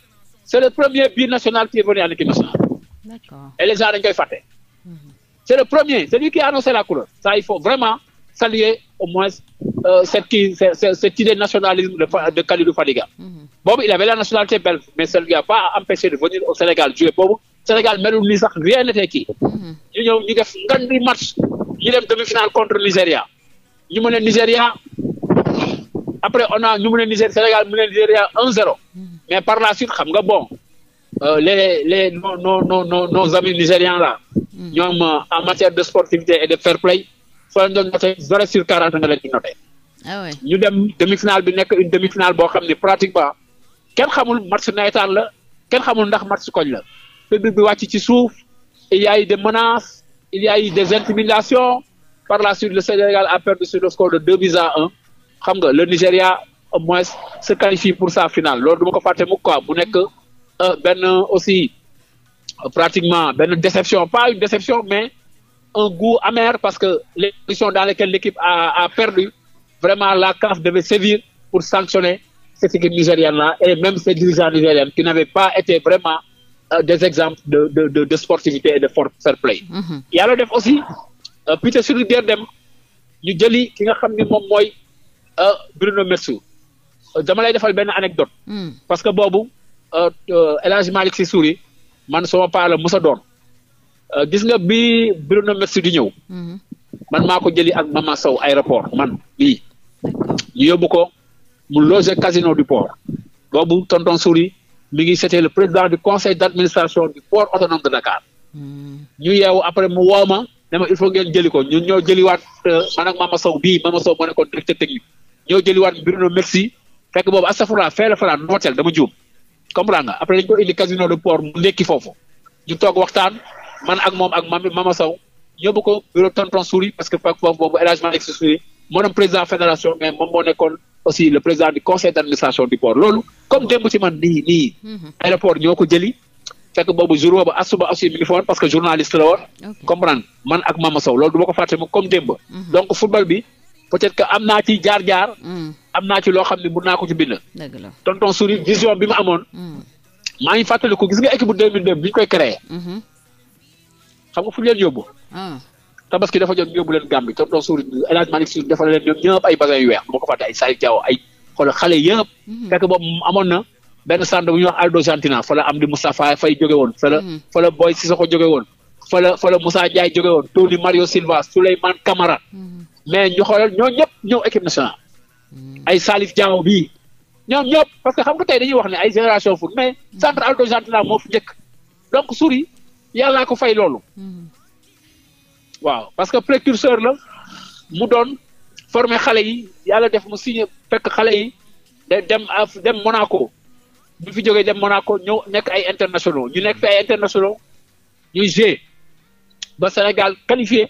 c'est le premier but national qui est venu en équipe nationale. et les gens dañ koy fàtte. Mhm. c'est le premier c'est lui qui a annoncé la couleur. ça il faut vraiment saluer au moins euh, cette qui cette, cette idée nationalisme de de Kalidou Fadiga. Mhm. boobu il avait la nationalité belge mais ça ne lui a empêché de venir au Sénégal jouer boobu Sénégal melul ni sax rien n'était kii mhm. ñu ñëw ñu def ngan di match ñu demi-finale contre Nigéria ñu mën a Nigéria après on a ñu mu a Nigéria Sénégal mën a Nigéria 1-0 mhm. mais par la suite xam nga bon le euh, les les nos nos la nos amis nigérians mhm. euh, matière de sportivité et de fair play foo leen doon noté ah demi-finale bi nekk une demi-finale boo xam ne pratiquement kenn xamul match nawetaan la kenn xamul ndax match koñ la public bi wàcc ci suuf il y a eu des menaces il y a eu des intimidations par la suite le Sénégal a perdu sur le score de deux buts un xam nga le Nigéria au moins se qualifie pour sa finale loolu du ma ko fàtte mukk quoi bu nekk euh, benn aussi euh, pratiquement benn déception pas une déception mais un goût amer parce que les conditions dans lesquelles l'équipe a a perdu vraiment la CAF devait sévir pour sanctionner cette équipe nigérienne-là et même ces dirigeants nigériens qui n'avaient pas été vraiment euh, des exemples de, de, de, de, sportivité et de fair play. Mhm. yàlla def aussi euh, Peter Siré Dieng dem ñu jëli ki nga xam ni moom mooy euh, Bruno Metsu dama lay defal benn anecdote hmm. parce que boobu El Hadj Malick Sy Souris man sama paa musa doon gis bi Bruno Metsu di ñëw hmm. man maa jëli ak Mama Sow aéroport man bii ñu yóbbu mu loger casino du port boobu tonton Souris mi ngi c'était le président du conseil d'administration du port autonome de Dakar hmm. ñu yeewu après mu woo ma ne ma il faut ngeen jëli ko ñun ñoo jëliwaat euh, man ak Mama Sow bii Mama Sow moo nekkoon directeur technique ñoo jëliwaat Bruno Merci fekk boobu astafurlah feela fala nootel dama juum comprends nga après dañ ko indi casino du port mu nekki foofu ñu toog waxtaan man ak moom ak mami Mama Sow ñëbbu ko bureau parce que aussi le président du conseil d' administration du port loolu comme démb ci man nii nii mhm. aéroport ñoo ko jëli fekk boobu jour boobu asuba aussi mi parce que journaliste la woon comprendre man ak Mama Sow loolu du ma ko fàtte mu comme démb mhm. donc football bi peut-être que am naa ci jaar-jaar mhm. am naa ci loo xam ne mun naa ko ci bind tonton Souris vision bi ma amoon maa ngi fàttaliku gis nga équipe bu 2002 bi ñu koy créé xam nga fu ñu leen yóbbu ah. tabaski dafa jot yóbbu leen Gàmbi tonton Sour El Hadj Malick Sour dafa leen ñoom ñëpp ay bagage yu weex bu ma ko fàtte ay Salif Diaw ay xale yëpp mhm. fekk boobu amoon na benn centre bu ñuy wax Aldo Gentina fa la Amdi Moustapha Faye jóge woon fa la mhm. fa la Boy Sissoko jóge woon fa la fa la Moussa Ndiaye jóge woon Tony Mario Silva Souleymane Camara mhm. mais ñu ñoo ñëpp ñëw équipe nationale ay Salif Diaw bii ñoom ñëpp parce que xam nga tey dañu wax ne ay génération foot mais centre Aldo Gentina moo fi njëkk donc ko fay loolu waaw parce que précurseur la mu doon former xale yi yàlla def mu signé fekk xale yi de dem dem Monaco bu fi jógee dem Monaco ñëw nekk ay internationaux ñu nekk fi ay internationaux ñuy joué ba Sénégal qualifié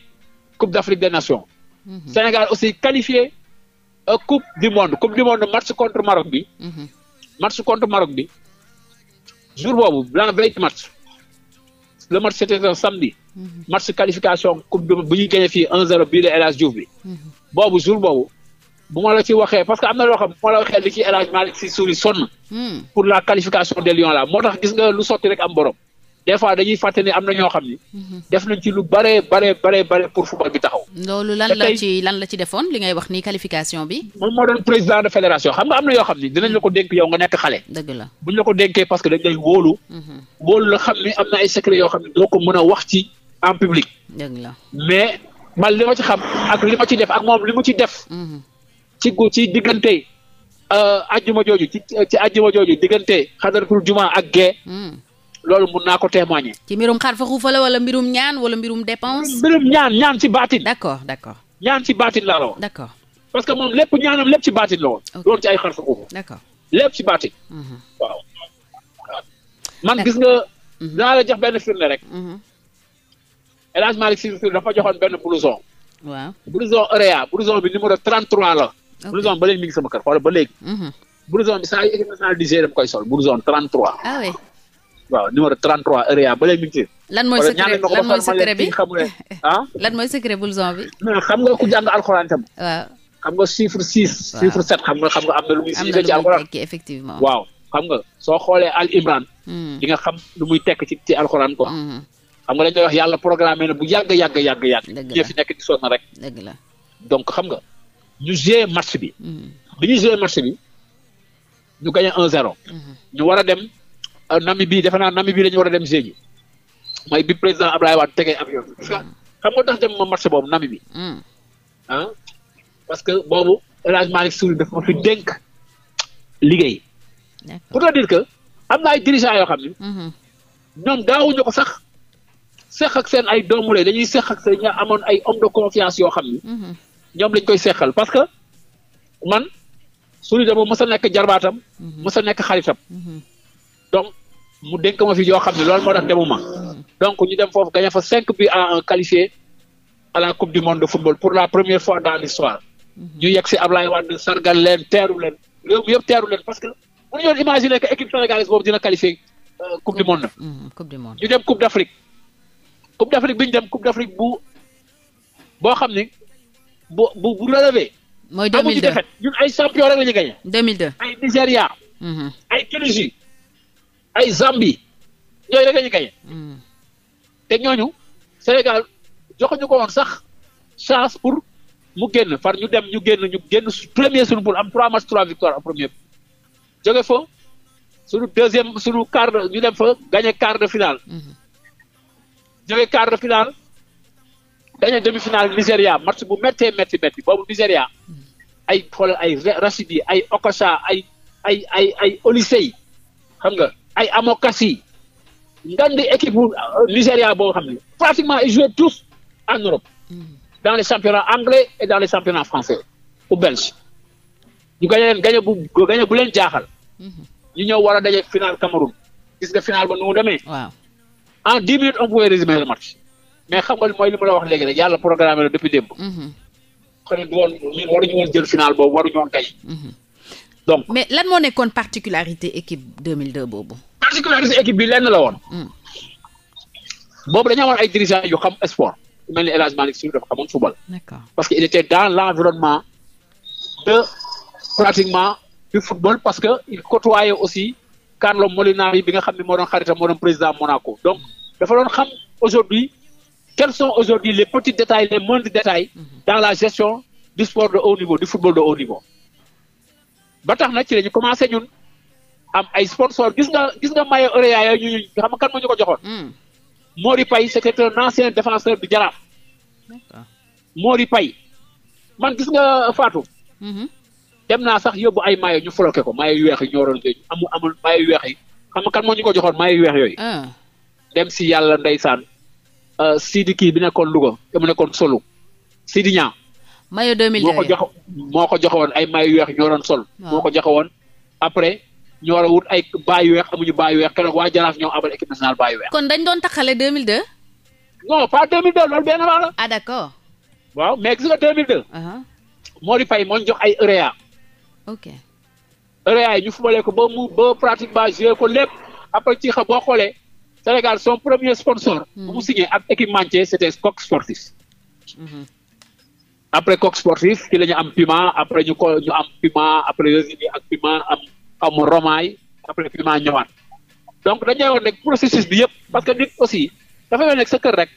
Coupe d'Afrique des Nations. Mmh. Sénégal aussi qualifié euh, Coupe du Monde Coupe du Monde match contre Maroc bi. Mmh. contre Maroc bi jour boobu la veille match le match c'était samedi. Mhm. match qualification coupe du bu ñuy gagné fii 1-0 bii la El bi. Mhm. boobu jour boobu bu ma la ci waxee parce que am na loo xam bu ma la waxee li ci mhm. moo tax gis nga lu sotti rek am borom. des fois dañuy fàtte am na ñoo xam ni. def nañ ci lu bare bare bare bare pour football bi taxaw. loolu lan la ci lan la ci defoon li ngay wax ni qualification bi. moom moo doon président de fédération xam nga am na yoo xam ni dinañ la ko dénk yow nga nekk xale. dëgg la ko dénkee parce que dañ lay wóolu. wóolu la xam ni am na ay secret yoo xam ni doo ko mën a wax ci. en public. mais man li ci xam ak li ma ci def ak moom li mu ci def. Mhm. ci gu ci diggante euh, ajjuma jooju ci ci ajjuma jooju diggante xadaratul juma ak gée. Mhm. loolu mun naa ko témoigner. ci mbirum xar fa xuufa la wala mbirum ñaan wala mbirum dépense. mbirum ñaan ñaan ci baatin. d'accord d'accord. ñaan ci baatin la la woon. d'accord parce que moom lépp ñaanam lép ci baatin la woon. loolu ci ay xar fa xuufa. d'accord lépp ci baatin. Mhm. man gis nga. dinaa la jox benn firnde rek. El Hadj Malick Sy dafa joxoon benn blouson. waaw blouson Orea blouson bi numéro 33 la. ok ba léegi mi ngi sama kër xoolal ba léegi. Mhm. blouson bi saa yu équipe nationale du Niger koy sol blouson 33. ah oui numéro 33 Orea ba léegi mi ngi ci. lan mooy secret lan mooy secret bi ah? lan mooy secret blouson xam nga ku jàng alxuraan tam. waaw xam nga chiffre 6. chiffre 7 xam nga xam am na lu muy. am na lu muy tekki waaw xam nga soo xoolee Al Imran. Hmm. nga xam lu tekk ci ci alxuraan quoi. Hmm. xam nga dañ lay wax yàlla programme bu yàgg yàgg yàgg yàgg. dëgg la fi nekk di sonn rek. dëgg la donc xam nga ñu joué match bi. Mm. bi ñu joué match bi ñu gagné 1-0. Mm-hmm. ñu war a dem euh, Namibie defe naa Namibie la war a dem Géji mooy bi président Abdoulaye Wade tegee avion bi. Mm. xam nga tax dem ma match boobu mm. ah? parce que boobu El Hadj Malick Sow dafa fi dénk liggéey. pour te dire que am na ay dirigeants yoo xam ne. Mm-hmm. ñoom daawuñu ko sax. seq ak seen ay doomu lay dañuy seq ak seen ña amoon ay homme de confiance yoo xam ni. Mhm. ñoom lañ koy seexal parce que man suñu dama mës a nekk jarbaatam. Mhm. mës a nekk xaritam. Mhm. donc mu dénk ma fi yoo xam ne loolu moo tax ma donc ñu dem foofu gagné fa cinq buts à un qualifié la coupe du monde football pour la première fois daal l'histoire ñu yegg si Ablaye Wade sargal leen teeru leen réew yëp yëpp teeru leen parce que bu ñu doon imaginer que équipe sénégalaise boobu dina qualifié euh, ñu dem coupe d'Afrique. coupe d' afrique bi ñu dem coupe d' bu boo xam ni bu bu bu relevé. mooy 2002 amuñu defet ay champion rek la ñu ay Nigéria. Mm-hmm. ay Tunisie ay Zambie yooyu rek la ñu gagné. Mm. te ñooñu Sénégal joxuñu ko woon sax chance pour mu génn par ñu dem ñu génn ñu génn su premier sunu poule am trois matchs trois victoire en premier jóge fa sunu deuxième suñu quart de ñu dem fa gagné quart de finale. Mm-hmm. jógee quart de finale dañu demi finale Nigéria match bu méttee métti métti boobu Nigéria ay xoolal ay Rashidi ay Olisey xam nga ay Amokasi ngan di euh, Nigéria boo xam ne pratiquement ils jouaient tous en Europe dans les championnats anglais et dans les championnats français ou belge gañe leen bu gañe bu leen jaaxal mhm. ñu ñëw war a daje final Cameroun gis nga en dix minutes on pouvait résumer le match mais xam nga mooy li ma la wax léegi rek yàlla programme la depuis démb. Mhm. xëy na du jël final boobu waruñu woon gañ. Mhm. donc mais lan moo nekkoon particularité équipe 2002 boobu. particularité équipe bi lenn la woon. Mhm. boobu dañoo amoon ay dirigeants yu xam sport. ku mel ni El Hadj Malick Sy dafa xamoon parce que il était dans l'environnement de pratiquement du football parce que il aussi Carlo Molinari bi nga xam ne moo doon xaritam moo doon président Monaco donc dafa doon xam aujourd'hui quels aujourd'hui les petits détails les moindres détails mhm. dans la gestion du sport de haut niveau du football de haut niveau ba tax na ci lañu commencé ñun am ay sponsor gis nga gis nga mayo Orea ñu ñu xam kan moo ñu ko joxoon hmm. Mori Paye c'était un ancien défenseur du Jaraaf Mori Paye man gis nga Fatou mhm. dem naa sax yóbbu ay maillot ñu floqué ko maillot yu weex yi ñoo doon ñu amul weex yi xam kan mooñ ko joxoon maillot yu weex yooyu. Ah. dem si yàlla ndeysaan euh, Sidi kii bi nekkoon Louga te mu nekkoon Solu Sidi Niang. maillot 2002 moo ko jox moo ko joxoon ay maillot yu weex ñoo doon sol. moo ko joxe woon après. ñoo war a wut ay baay weex amuñu baay weex keroog waa Jaraaf ñoo abal équipe nationale baay weex. kon dañ doon taxalee 2002. non pas 2002 loolu benn baa la. ah d'accord. waaw mais gis nga 2002. Uh-huh. Mori Faye moo jox ay urea. E ok Réal ñu fumale ko ba mu ba pratiquement joué ko a après ci xam xoolee Sénégal son premier sponsor. bu mu hmm. signé ak équipe manche c' était Coq Sportif. Hmm. après Coq Sportif ci la ñu am Puma après ñu ko ñu am Puma après Yosini ak Puma am am Romaay après Puma ñëwaat donc dañu woon rek processus bi yëpp parce que nit aussi dafa mel ne sa kër rek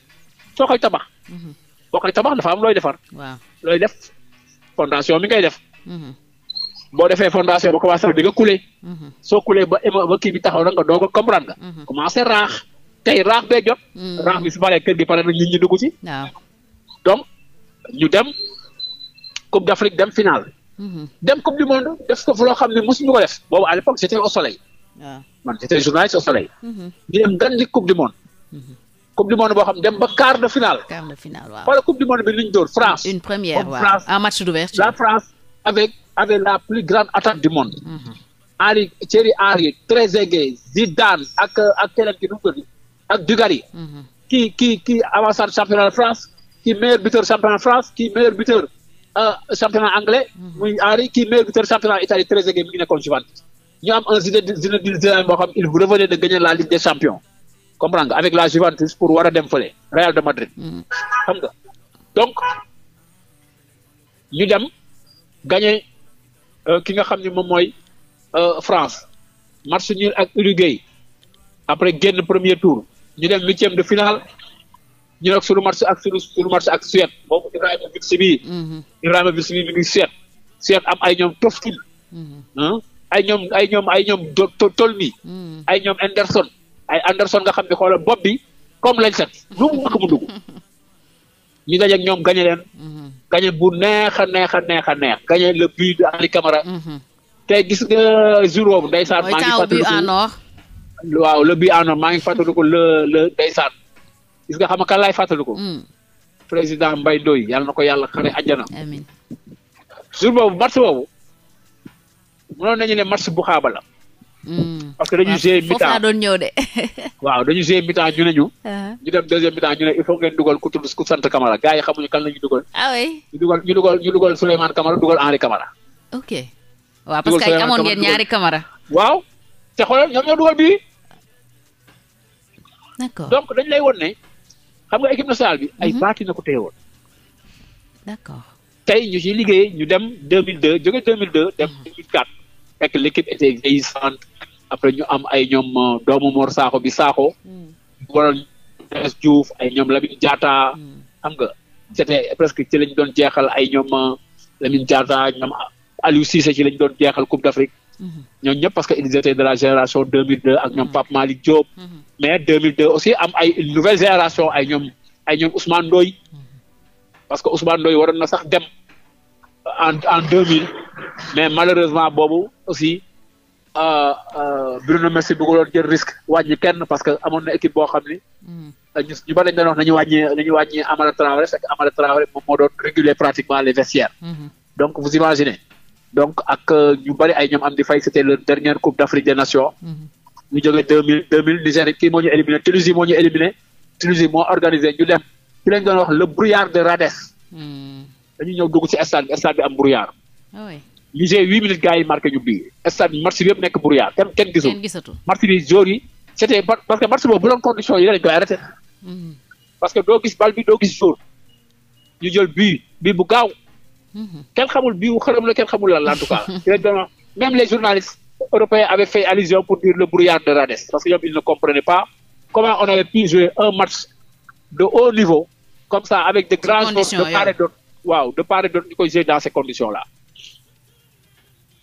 soo koy tabax. Hmm. boo koy tabax dafa am looy defar. waaw looy def fondation mi ngay def. boo defee fondation ba commencé di nga couler mhm. soo couler ba émo ba kii bi taxaw na nga doog a comprendre nga mhm. raax tey raax bee jot mhm. raax bi su paree kër gi pare na nit ñi dugg ci donc ñu dem coupe d'Afrique dem finale dem coupe du monde def ko fu loo xam ne mosuñu ko def boobu à l'époque j'étais au soleil man j'étais journaliste au soleil ñu dem gan li coupe du monde coupe du monde boo xam dem ba quart de finale. quart de finale waaw wala coupe du monde bi avec avec la plus grande attaque du monde. en mm-hmm. Thierry Henry Trezeguet Zidane ak ak keneen ki nu mu ak Dugarry. Mm-hmm. kii kii kii avançant championnat de France kii meilleur buteur championnat de France kii meilleur buteur euh, championnat anglais. Mm-hmm. muy Henry kii meilleur buteur championnat Italie Trezeguet mi ngi nekkoon Juventus. ñu am un Zinedine Zidane boo xam de Juventus pour war a dem fële Real de Madrid. xam nga donc ñu dem. gagné euh, ki nga xam ne moom mooy euh, France match nul ak Uruguay après génn premier tour ñu dem huitième de finale ñu nekk suñu match ak suñu suñu ak Suède boobu Ibrahima Vilsi bii. Mhm. Ibrahima Vilsi bii mi am ay ñoom Toftil. Mhm. ay ñoom ay ñoom ay ñoom Tolmi. Mhm. ay ñoom Anderson ay Anderson nga xam ne xoolal bopp bi comme lañ set lu mu wax mu dugg ñu daje ñoom gagné leen. gagné bu neex a neex a neex a neex gagné le but de Ali Camara. Mhm. te gis nga jour boobu ndeysaan. maa ngi fàttaliku waaw le but en maa ngi fàttaliku le le ndeysaan gis nga xam nga kan laay fàttaliku. Mm. président mbay Ndoye yàlla na ko yàlla xare àjjana. amiin jour boobu match boobu mënoon nañu ne match bu xaabala Mm. parce que dañuy jouer mi-temps foofu laa doon ñëw de. waaw dañuy jouer mi-temps ñu ne ñu. Ah. ñu dem deuxième mi-temps ñu ne il faut ngeen dugal ku tudd ku sant Camara gars yi xamuñu kan la ñuy dugal. ah oui ñu dugal ñu dugal ñu dugal Souleymane Camara dugal Henri Camara. ok waaw parce que amoon ngeen ñaari Camara. waaw te xoolal ñoom ñoo dugal bii. d'accord donc dañ lay won ne xam nga équipe nationale bi. ay mhm. baati na ko téye woon. d'accord tey ñu ciy liggéey ñu dem 2002 jóge 2002 dem 2004. Mhm. fekk l'équipe était vieillissante après ñu am ay ñoom euh, doomu Mor Sakho bi Sakho. Hmm. waroon Nges Diouf ay ñoom Lamine Diatta. Hmm. xam nga c'était presque ci lañ doon jeexal ay ñoom euh, Lamine Diatta ñoom euh, a Cissé ci lañ doon jeexal Coupe d'Afrique. Hmm. ñooñu ñëpp parce que ils étaient de la génération 2002 ak ñoom Pape Malick Diop. mais 2002 aussi am ay une nouvelle génération ay ñoom ay ñoom Ousmane parce que Ousmane Ndoye waroon na sax dem. en en deux mille mais malheureusement boobu aussi euh, euh, Bruno Messi bëggoon jël risque wàññi kenn parce que amoon na équipe boo xam ni. Mm. Euh, ñu ñu bëri dañu doon wax nañu wàññi nañu wàññi Amara Traoré fekk Amara réguler pratiquement les vestiaires. Mm-hmm. donc vous imaginez. donc ak ñu bëri ay ñoom am di fay c'était leur dernière coupe d'Afrique des Nations. Mm-hmm. ñu jógee deux mille deux mille Nigéria éliminé Tunisie moo ñu ñu dem. ci le brouillard de Radès. Mm. dañuy ñëw dugg ci stade bi stade bi am brouillard. ñu ah joué huit minutes gars yi marqué ñu bii stade bi match bi yëpp nekk brouillard kenn kenn gisul. kenn gisatul match bi parce que match boobu bu doon condition yi dañ koy arrêté. Mhm. parce que doo gis bal bi gis jour. ñu jël bi bii bu gaaw. Mhm. kenn xamul bii wu xërëm la kenn xamul lan la les journalistes européens avaient fait allusion pour dire le brouillard de Radès parce que ñoom ils ne comprenaient pas comment on avait pu jouer un match de comme ça avec waaw de part et d'autre ñu dans ces conditions là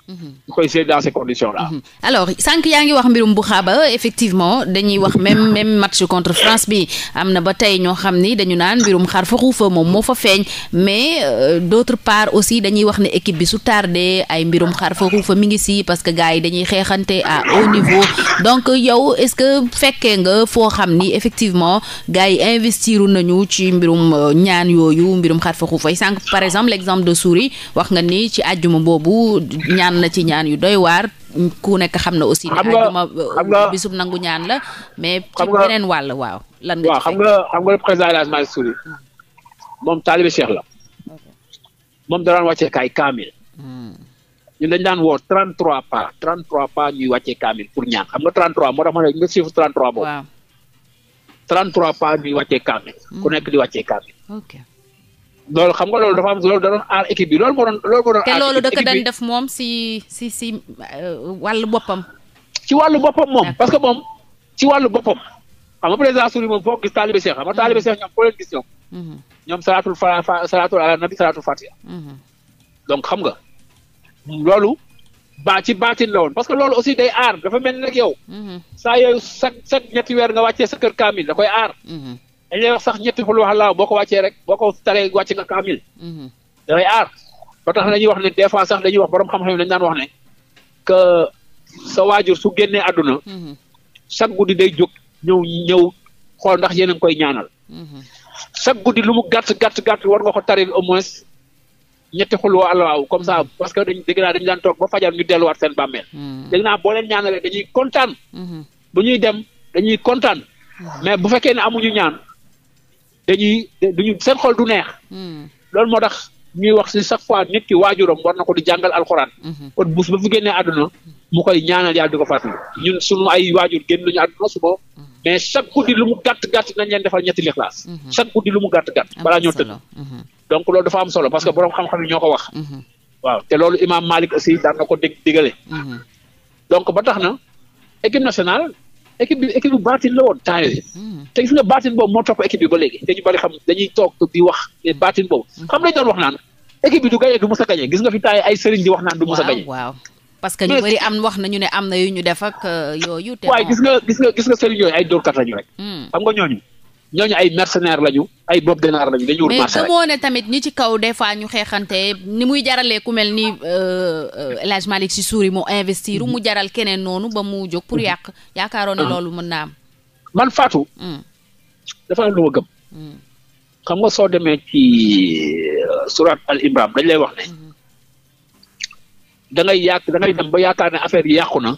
Mm-hmm. ñu koy seet dans ces conditions mm-hmm. sànq yaa ngi wax mbirum bu xaaba effectivement dañuy wax même même match contre France bi am na ba tey ñoo xam ni dañu naan mbirum xar fa xuufa moom moo fa feeñ mais euh, d'autre part aussi dañuy wax ne équipe bi su tardé ay mbirum xar fa xuufa mi ngi si parce que gars yi dañuy xeexante à haut niveau donc yow est-ce que fekkee nga foo xam ni effectivement gars yi investiru nañu ci mbirum euh, ñaan yooyu mbirum xar fa xuufa yi sànq par exemple l'exemple de Souris wax nga ni ci àjjuma boobu ñaan na ci ñaan yu doy waar ku nekk xam na aussi. xam nga ah, xam euh, nga bisum nangu ñaan la. mais ci beneen wàll waaw. lan nga xam nga xam nga président El Hadj Malick Souri moom taalibe Cheikh la. moom da daan wàccee kaamil. Hmm. ñun dañ daan woo 33 trent 33 pas ñuy wàccee kaamil pour ñaan xam nga 33 moo tax ma ne nga chiffre 33 boobu. waaw 33 pas ñuy wàccee kaamil. ku hmm. nekk di wàccee kaamil. loolu xam nga loolu dafa am loolu da doon aar bi loolu moo doon loolu moo doon aar te loolu def moom si si si euh, wàllu boppam. ci wàllu boppam moom parce que moom ci wàllu boppam xam nga président Souri moom foo gis Talibe Cheikh xam nga Talibe mhm. Cheikh ñoom ñoom. Mhm. ñoom salaatul fa salaatul ala nabi salaatul mhm. donc xam nga loolu ba ci baatin la woon parce que loolu aussi day aar dafa mel ne nag yow. saa yooyu chaque chaque ñetti weer nga wàccee sa kër kaamil da koy aar. dañ lay wax sax ñetti xul wax laaw boo ko wàccee rek boo ko taree wàcc nga kaamil mhm. da ngay aar ba tax dañuy wax ne des fois sax dañuy wax borom xam-xam yi dañu daan wax ne sa waajur su génnee àdduna mhm. chaque guddi day jóg ñëw ñëw xool ndax yéen a koy ñaanal mhm. chaque guddi lu mu gàtt gàtt gàtt war nga ko taril au moins ñetti xul woo alawaaw comme ça parce que dañ dégg naa dañu daan toog ba fajar ñu delluwaat seen bàmmeel dégg naa boo leen ñaanalee dañuy kontaan bu ñuy dem dañuy kontaan mais bu fekkee ne amuñu ñaan dañuy duñu seen xol du neex. Hmm. loolu moo tax ñuy wax ci chaque fois nit ki waajuram war na ko di jàngal alxuraan. Hmm. kon bés ba fu génnee àdduna mu koy ñaanal yàlla di ko fàttali ñun sunu ay waajur génn ñu àdduna suba. Hmm. mais chaque guddi lu mu gàtt gàtt nañ leen defal ñetti lixlaas. chaque guddi lu mu gàtt gàtt. balaa ñoo tëdd donc loolu dafa am solo parce que borom xam-xam yi ñoo ko wax. waaw te loolu imaam Malik aussi daan ko dégg digale. donc ba tax na équipe nationale. équipe bi équipe bu baatin la woon temps yooyu hmm. te gis nga baatin boobu moo topp équipe bi ba léegi te ñu bari xam dañuy toog di wax baatin boobu hmm. xam lañ doon wax naan équipe bi du gagné du mës a gagné gis nga fi temps ay sëriñ di wax naan du mës a gagné parce que ñu bëri am wax nañu ne am na yu ñu euh, yooyu. te waaye gis nga gis nga gis nga sëriñ yooyu ay dóorkat lañu rek. Hmm. xam nga ñooñu ñooñu ay mercenaires lañu ay bopp dinaar lañu dañu wut marché mais gëmoo ne tamit ñi ci kaw des fois ñu xeexante ni muy jaralee ku mel ni euh, euh, El Hadj ci Sy Souris moo investir mu jaral keneen noonu ba mu jóg pour mm-hmm. yàq yaakaaroon ne mm-hmm. loolu mën naa am. man faatu mm. dafa am lu gëm. Mm. xam nga soo demee ci euh, surat al Imran dañ lay wax ne. Mm-hmm. da ngay yàq dem ba yaakaar ne affaire yi yàqu na.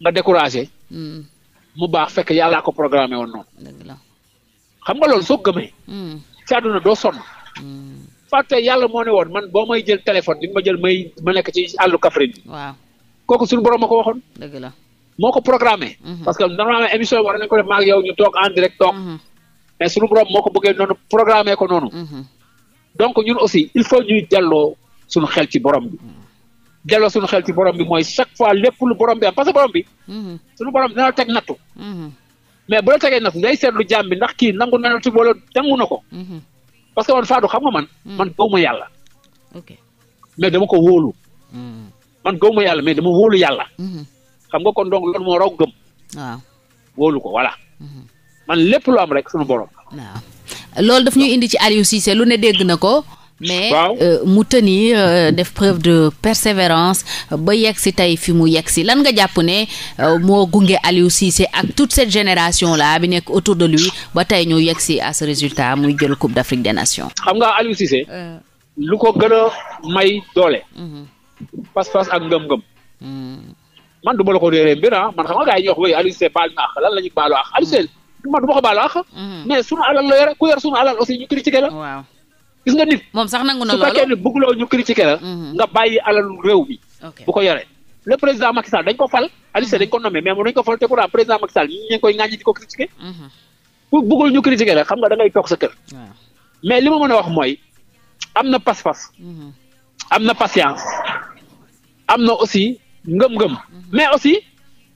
nga découragé. Mm. mu baax fekk yàllaa ko programme woon noonu. xam nga loolu soo gëmee. Hmm. ci àdduna doo sonn. te hmm. yàlla moo ne woon man boo may jël téléphone di ma jël may ma nekk ci àllu Kaffrine. waaw kooku suñu borom ma ko waxoon. dëgg la moo ko programmé. Hmm. parce que normalement émission war ne ko def ma ak yow ñu toog en direct toog. mais suñu borom moo ko bëggee noonu programmé ko noonu. donc ñun aussi il faut ñuy jalloo suñu xel ci borom bi. delloo suñu xel ci borom bi mooy chaque fois lépp lu borom bi am parce borom bi. suñu mais bu la tegee nag ngay seetlu jaam bi ndax kii nangu na ci wala nangu na ko. Mhm. parce que man Fadou xam nga man. Mhm. man gaw ma yàlla. mais dama ko wóolu. Mhm. man gaw ma yàlla mais dama wóolu yàlla. xam nga kon donc loolu moo raw gëm. waaw wóolu ko voilà. man lépp lu am rek sunu borom. waaw loolu daf ñuy indi ci Aliou Cissé lu ne dégg na ko. mais euh, mu tëni euh, def preuve de persévérance euh, ba yegg si tey fi mu yegg si lan nga jàpp ne moo gunge Aliou Cissé ak toute cette génération la bi nekk autour de lui ba tey ñu yegg si à ce résultat muy jël Coupe d'Afrique des Nations. xam nga ali Cissé. lu ko gën a may doole. Mhm. pas-pas ak ngëm-ngëm. Mhm. man du ma la ko réeree mbir ah. man xam nga gars yi ñuy wax wéy baal naa lan la ñu baalu àq Aliou Cissé mhm. man du ma ko baalu àq. mais sunu alal la yore ku yor sunu alal la. gis nga nit. moom sax nangu na loolu su fekkee ne bëgguloo ñu critiquer la. Mhm. nga bàyyi alalu réew mi. bu ko yore le président Macky dañ ko fal. Aliou Sall mhm. ko nommé mais ko fal te pourtant ñu ngi koy ŋàññi di ko critiquer. bu mhm. ñu critiquer la xam nga da ngay toog sa kër. mais li ma mën a wax mooy am na pas am na patience. am na aussi ngëm-ngëm. mais aussi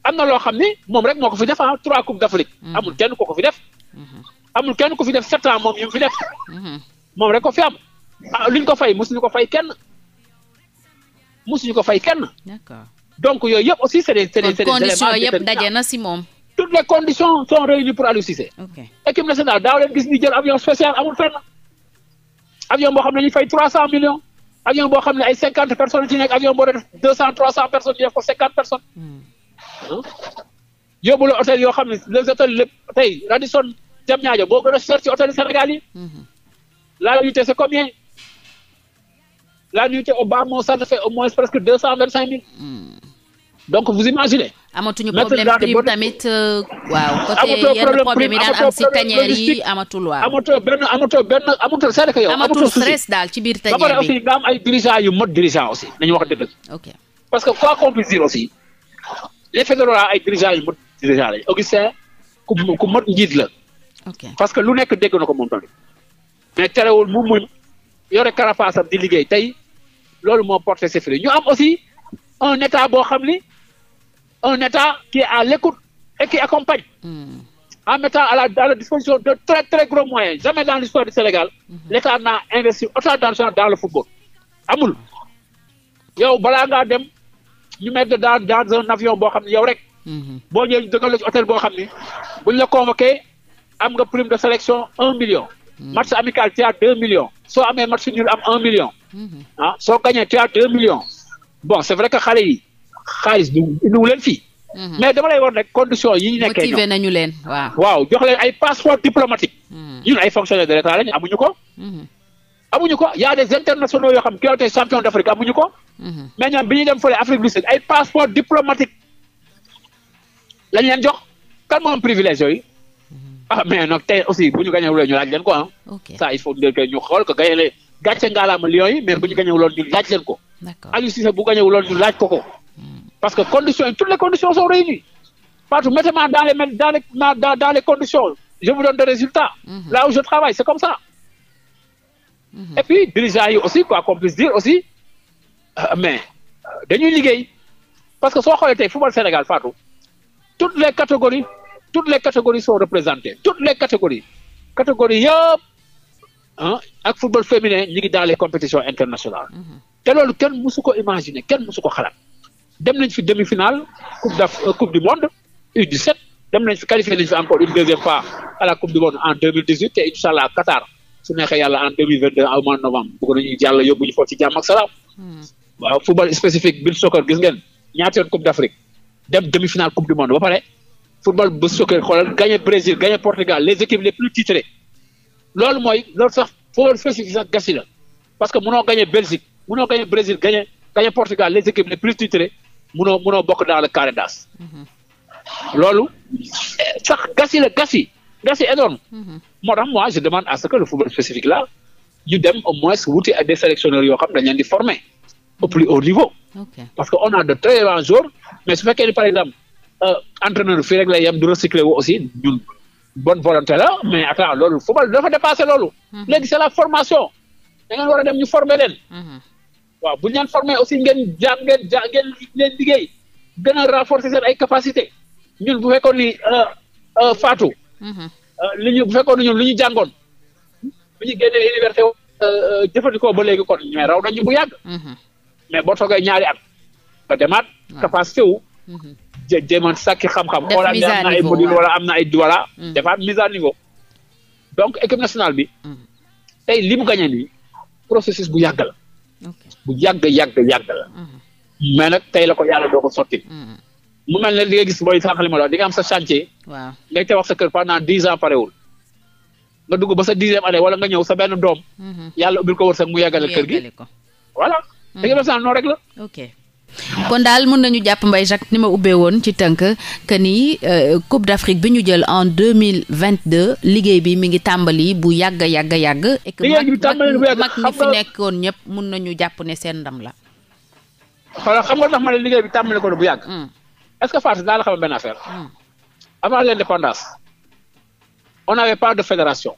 am na loo xam ni moom rek moo ko fi def ah trois coupes d'Afrique. amul kenn ko ko fi def. amul kenn ko fi def sept ans moom yu mu fi def. moom rek ko fi am ah luñ ko fay mosuñu ko fay kenn mosuñu ko fay kenn. d'accord donc yooyu yëpp aussi c'est des c'est des. c'est na si moom. Ah, toutes les conditions sont réunies pour Aliou Cissé. ok équipe nationale daaw leen gis ñu jël avion spécial amul fenn avion boo xam ne ñu fay trois cent millions avion boo xam ne ay cinquante personnes ci nekk avion boo def deux cent trois cent personnes ñu def hmm. la hôtel yoo xam ne les hôtels lépp tey Radisson Diamniadio boo gën a cher ci hôtel Sénégal La nuitée, c'est combien La nuitée au bas mont ça fait au moins presque deux cent vingt cinq mille. Hmm. donc vous imaginez. amatuñu problème prime tamit euh, waaw. amatoo yenn problème yi daal am si tanière yi amatul waaw. amatoo benn amatoo benn amatul c'est-à-dire que yow. amatul stress daal ci biir tanière bi ba pare aussi nga am ay dirigeants yu mot dirigeant aussi nañu wax dëgg. ok parce que quoi qu'on puisse dire aussi les fédéraux ay dirigeants yu mot dirigeant lañu Augustin ku mot njiit la. ok parce que lu nekk dégg na ko moom tamit. mais terewul mu muñ yore carapaasam di liggéey tey loolu moo porté ses fruits ñu am aussi un état boo xam ni un état qui à l'écoute et qui accompagne mm. en mettant à la à la disposition de très très gros moyens jamais dans l'histoire du Sénégal hmm. l'État n'a investi autant dans le football amul yow balaa ngaa dem ñu mettre dans dans un avion boo xam ne yow rek hmm. boo ñëwee ñu dëggal hôtel boo xam ne buñ la convoqué am nga prime de sélection un million Hmm. match amical tu as soo amee match nul am un million hmm. ah soo gagné tu million bon c'est vrai que xale yi xaalis du indiwu leen fi hmm. mais dama lay war rek condition yi ñu nekkee motivé nañu leen waaw jox leen ay passeport diplomatique ñun ay fonctionnaires de l'état lañu amuñu ko amuñu ko y a des internationaux yoo xam ki été champion d'Afrique amuñu ko mais ñoom bi ñuy dem fële Afrique du Sud ay passeport diplomatique lañ leen jox kan moom privilège yooyu ah mais nag tey aussi bu ñu gañewulee ñu laaj leen ko ah. ok il faut dire ko gañe leen gàcce ngaalaama Lions yi mais bu ñu gañewuloon ñu laaj leen ko. d'accord Aliou Cissé bu gañewuloon ñu laaj ko ko. Hmm. parce que conditions yi toutes les conditions sont réunies. Fatou mettez-moi dans les dans les dans dans les conditions je vous donne des résultats. Hmm. là où je travaille c'est comme ça. Hmm. et puis dirigeants yi aussi quoi qu'on puisse dire aussi euh, mais euh, dañuy liggéey parce que soo xoolee tey football Sénégal Fatou les catégories. toutes les catégories sont représentées toutes les catégories catégories yëpp ah ak football féminin ñu ngi dans les compétitions internationales mhm. te loolu kenn mësu ko imaginer kenn mësu ko xalaat dem nañ fi demi-finale coupe d'Af euh, coupe du monde U17 dem nañ fi qualifié nañ fi encore une deuxième fois à la coupe du monde en 2018 te incha allah Qatar su neexee yàlla en 2022 au mois de novembre bëgg nañu yàlla yóbbu ñu foofu hmm. waaw football spécifique ba pare football ba soccer xoolal gagné Brésil gagné Portugal les équipes les plus titrées loolu mooy loolu sax football festif sax gasi la parce que mënoo gagné Belgique mënoo gagné Brésil gagné gagné Portugal les équipes les plus titrées mënoo mënoo bokk dans le carré loolu sax gasi la gasi gasi énorme moo moi je demande à ce que le football spécifique là ñu dem au moins wuti ak des sélectionneurs yoo xam dañ leen di former au plus haut niveau. Okay. parce que on a de su fekkee ni par exemple. Euh, entraîneur fii rek lay yem du recycler wu aussi ñun bon volonté la mais attends loolu football dafa dépassé loolu. Mhm. léegi c'est la formation. da ngeen war a dem ñu former leen. Mhm. waaw bu ñaan leen aussi ngeen jaar ngeen jaar ngeen leen liggéey gën a renforcer seen ay capacité ñun bu fekkoon ni euh, euh, Fatou. Mhm. li ñu bu fekkoon ni ñun li ñu jàngoon bu ñu génnee université jëfandikoo ba léegi kon mais raw nañu bu yàgg. mais boo toogee ñaari at nga demaat capacité wu. jéemoon sàkki xam-xam. xoolaat ne am na ay module wala am na mm. bi. Mm. tey li mu gagné nii processus bu yàgg la. bu yàgg yàgg yàgg la. Mm. mais nag tey la ko yàlla doo ko sotti. mu mel na di nga gis booy sànq li ma la wax di am sa chantier. waaw te tabax sa kër pendant dix ans parewul nga dugg ba sa dixième année wala nga ñëw sa benn doom. Mm-hmm. yàlla ubbil ko wërsëg mu yàggale kër gi. voilà. équipe nationale noonu rek kon daal mën nañu jàpp mbay Jacques ni ma ubbee woon ci tënk que ni euh, Coupe d'Afrique bi ñu jël en deux mille vingt deux liggéey bi mi ngi tàmbali bu yàgg yàgg yàgg. liggéey bi tàmbali bu yàgg mag ñi fi ñëpp mën nañu jàpp ne seen ndam la. xoolal xam nga ndax ma ne bi tàmbali ko bu yàgg. Hmm. est-ce que Fatou daal xam benn affaire. Hmm. avant l'indépendance on n'avait pas de fédération.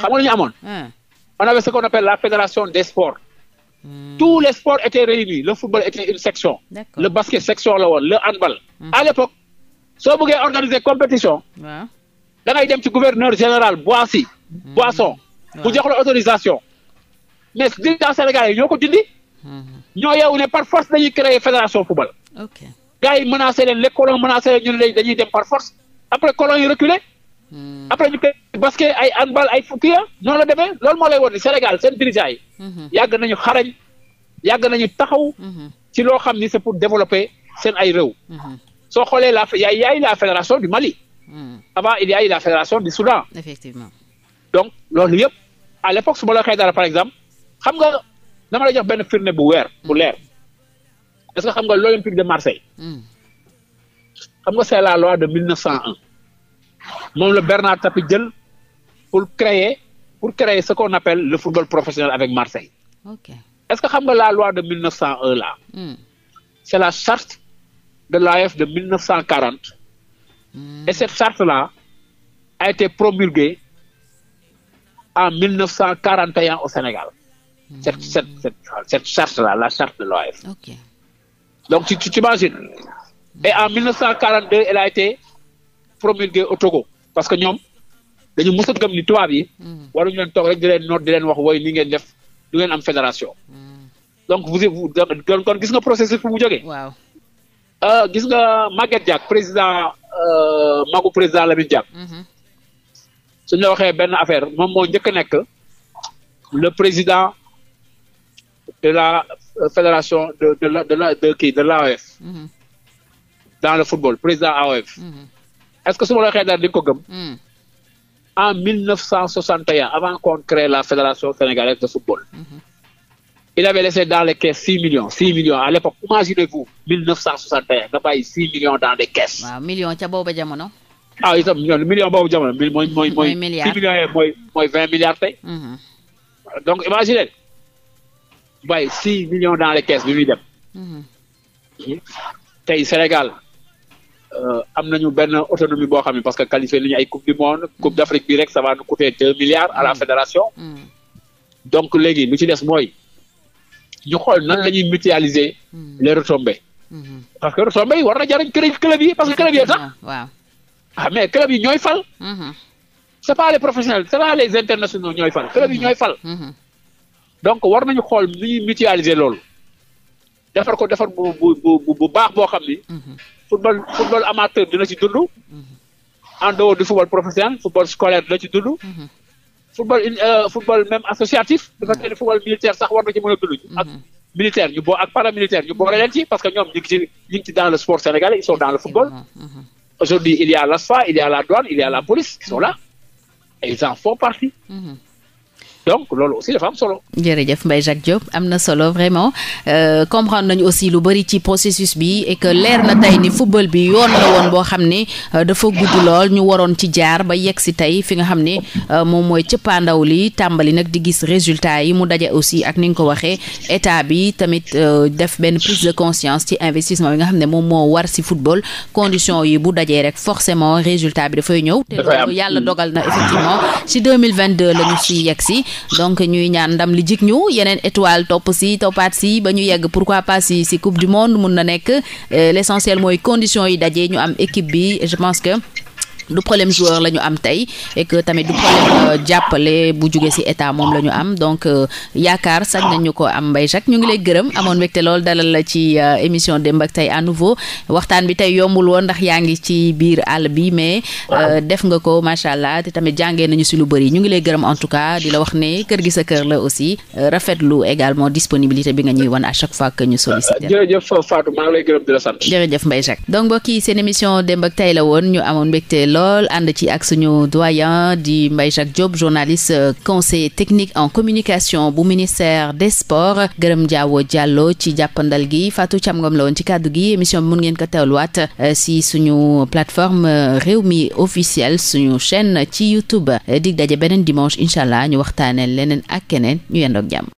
xam nga amoon. Hmm. on avait ce qu'on appelle la fédération des sports. Hmm. tous les sports étaient réunis le football était une section. le basket section la woon le handball. Hmm. à l'époque soo bëggee organiser compétition. waaw da ngay dem ci gouverneur général Boissy. Hmm. Boisson bu jox la autorisation. mais dirigeants sénégalais ñoo ko dindi. ñoo yeewu ne par force dañuy créer fédération football. ok gars yi menacé leen les colons le leen dañuy dem par force après colons yi reculé. après ñu koy ay handball ay fukki ya ah, noonu la demee loolu moo lay woon ni Sénégal seen dirigeants yi. Mm-hmm. yàgg nañu xarañ yàgg nañu taxaw mm-hmm. ci loo xam ni c'est pour développer seen ay réew mm-hmm. soo xoolee la y a eu la fédération du Mali avant il y a eu la fédération du Soudan effectivement donc loolu yëpp à l'époque su la waxee dara par exemple xam nga dama la jox benn firnde bu weer bu leer est-ce que xam nga l'Olympique de Marseille xam nga c'est la loi de 1901 moom la Bernard Tapie jël pour créer pour créer ce qu'on appelle le football professionnel avec Marseille. Est-ce que xam nga la loi de 1901 là. Hmm. la charte de l'AF de 1940. Mm. et cette charte là a été promulguée en 1941 au Sénégal. Mm. cette cette cette cette charte là la charte de l'AF. Okay. donc tu tu t'imagines. et en a été promulguée au Togo parce que ñoom. dañu mës a gëm ni tubaab yi. Hmm. waruñu leen toog rek di leen noot di leen wax woy ni ngeen def du ngeen am fédération. Hmm. donc gis nga processus fu mu jógee. Euh, gis nga Maguette Diack président euh, magu président Lamine Diack. Hmm. su la waxee benn affaire moom moo jëkk a nekk le président de la euh, fédération de de la de la l'AOF. dans le football président AOF. est-ce que su ma la waxee ko gëm. en 1961 avant qu'on crée la fédération sénégalaise de football. Mm -hmm. il avait laissé dans les caisses six millions six millions à l'époque imaginez-vous 1961 nga six millions dans les caisses. waaw million ca boobu jamono. ah itam million boobu jamono. mooy mooy mooy six millions yee mooy mooy vingt milliards tey. Mhm. donc imaginez bàyyi six millions dans les caisses bi muy dem. Mhm. tey Sénégal. Euh, am nañu benn autonomie boo xam ne parce que qualifié ñu ay coupe du monde coupe d' Afrique bi rek ça va nous coûter deux milliards à la mm. fédération. Mm. donc léegi lu ci des mooy ñu xool nan la ñuy mutualiser mm. les retombées. Mm-hmm. parce que retombées yi war na jariñ club yi parce que club yi tax. waaw ah mais club yi ñooy fal. Mm-hmm. c'est pas les professionnels c'est pas les internationaux ñooy fal club yi mm-hmm. ñooy fal. donc war nañu xool nu ñuy mutualiser loolu defar ko defar bu bu bu baax boo xam ni. football football amateur dina ci dund. Mm-hmm. en dehors du football professionnel football scolaire dina ci dund. Mm-hmm. football euh, football même associatif. dafa mm-hmm. teel football militaire sax war na ci mën a dund. ak militaire ñu boo ak paramilitaire ñu boole leen ci parce que ñoom ñu ngi ci ñu ngi ci dans le sport sénégalais ils sont dans le football. aujourd'hui il y a l'ASFA il y a la douane il y a la police ils sont là et ils en font partie. donc loolu aussi dafa am solo. jërëjëf Mbaye Jacques Diop am na solo vraiment euh, comprendre nañu aussi lu bari ci processus bi et que leer na tey ni football bi yoon la woon boo xam ne euh, dafa gudd lool ñu waroon ci jaar ba yegg si tey fi nga xam ne euh, moom mooy cëppaandaw li tàmbali nag di gis résultat yi mu daje aussi ak ni nga ko waxee état bi tamit def benn prise de conscience ci investissement bi nga xam ne moom moo war si football condition yi bu dajee rek forcément résultat bi dafay ñëw. te loolu yàlla dogal na effectivement si 2022 si. donc ñuy ñaan ndam li jik ñu yeneen étoile topp si toppaat si ba ñu yegg pourquoi pas si si coupe du monde mun na nekk euh, l'essentiel mooy condition yi dajee ñu am équipe bi je pense que du problème joueur la ñu am tey et que tamit du problème euh, jàppale bu jóge ci état moom la ñu am donc euh, yaakaar sañ nañu ko am Mbaye Jacques ñu ngi lay gërëm amoon mbégte lool dalal la ci euh, émission démb tey à nouveau waxtaan bi tey yombul ndax yaa ngi ci biir àll bi mais def nga ko macha allah te tamit jàngee nañu ci lu bëri ñu ngi lay gërëm en tout cas di la wax ne kër sa kër la aussi rafetlu également disponibilité bi nga ñuy wan à chaque fois que ñu sollicité. jërëjëf Fatou maa ngi lay woon ñu amoon mbégte lool lool ànd ci ak suñu doyan di Mbaye Jacques Diop journaliste conseiller technique en communication bu ministère des sports gërëm Diawo Diallo ci jàppandal gi Fatou Thiam Ngom la woon ci kàddu gi émission mun ngeen ko teewluwaat euh, si suñu plateforme euh, réew mi officielle suñu chaîne ci YouTube euh, dig daje beneen dimanche incha allah ñu waxtaanee leneen ak keneen ñu yendoog jàmm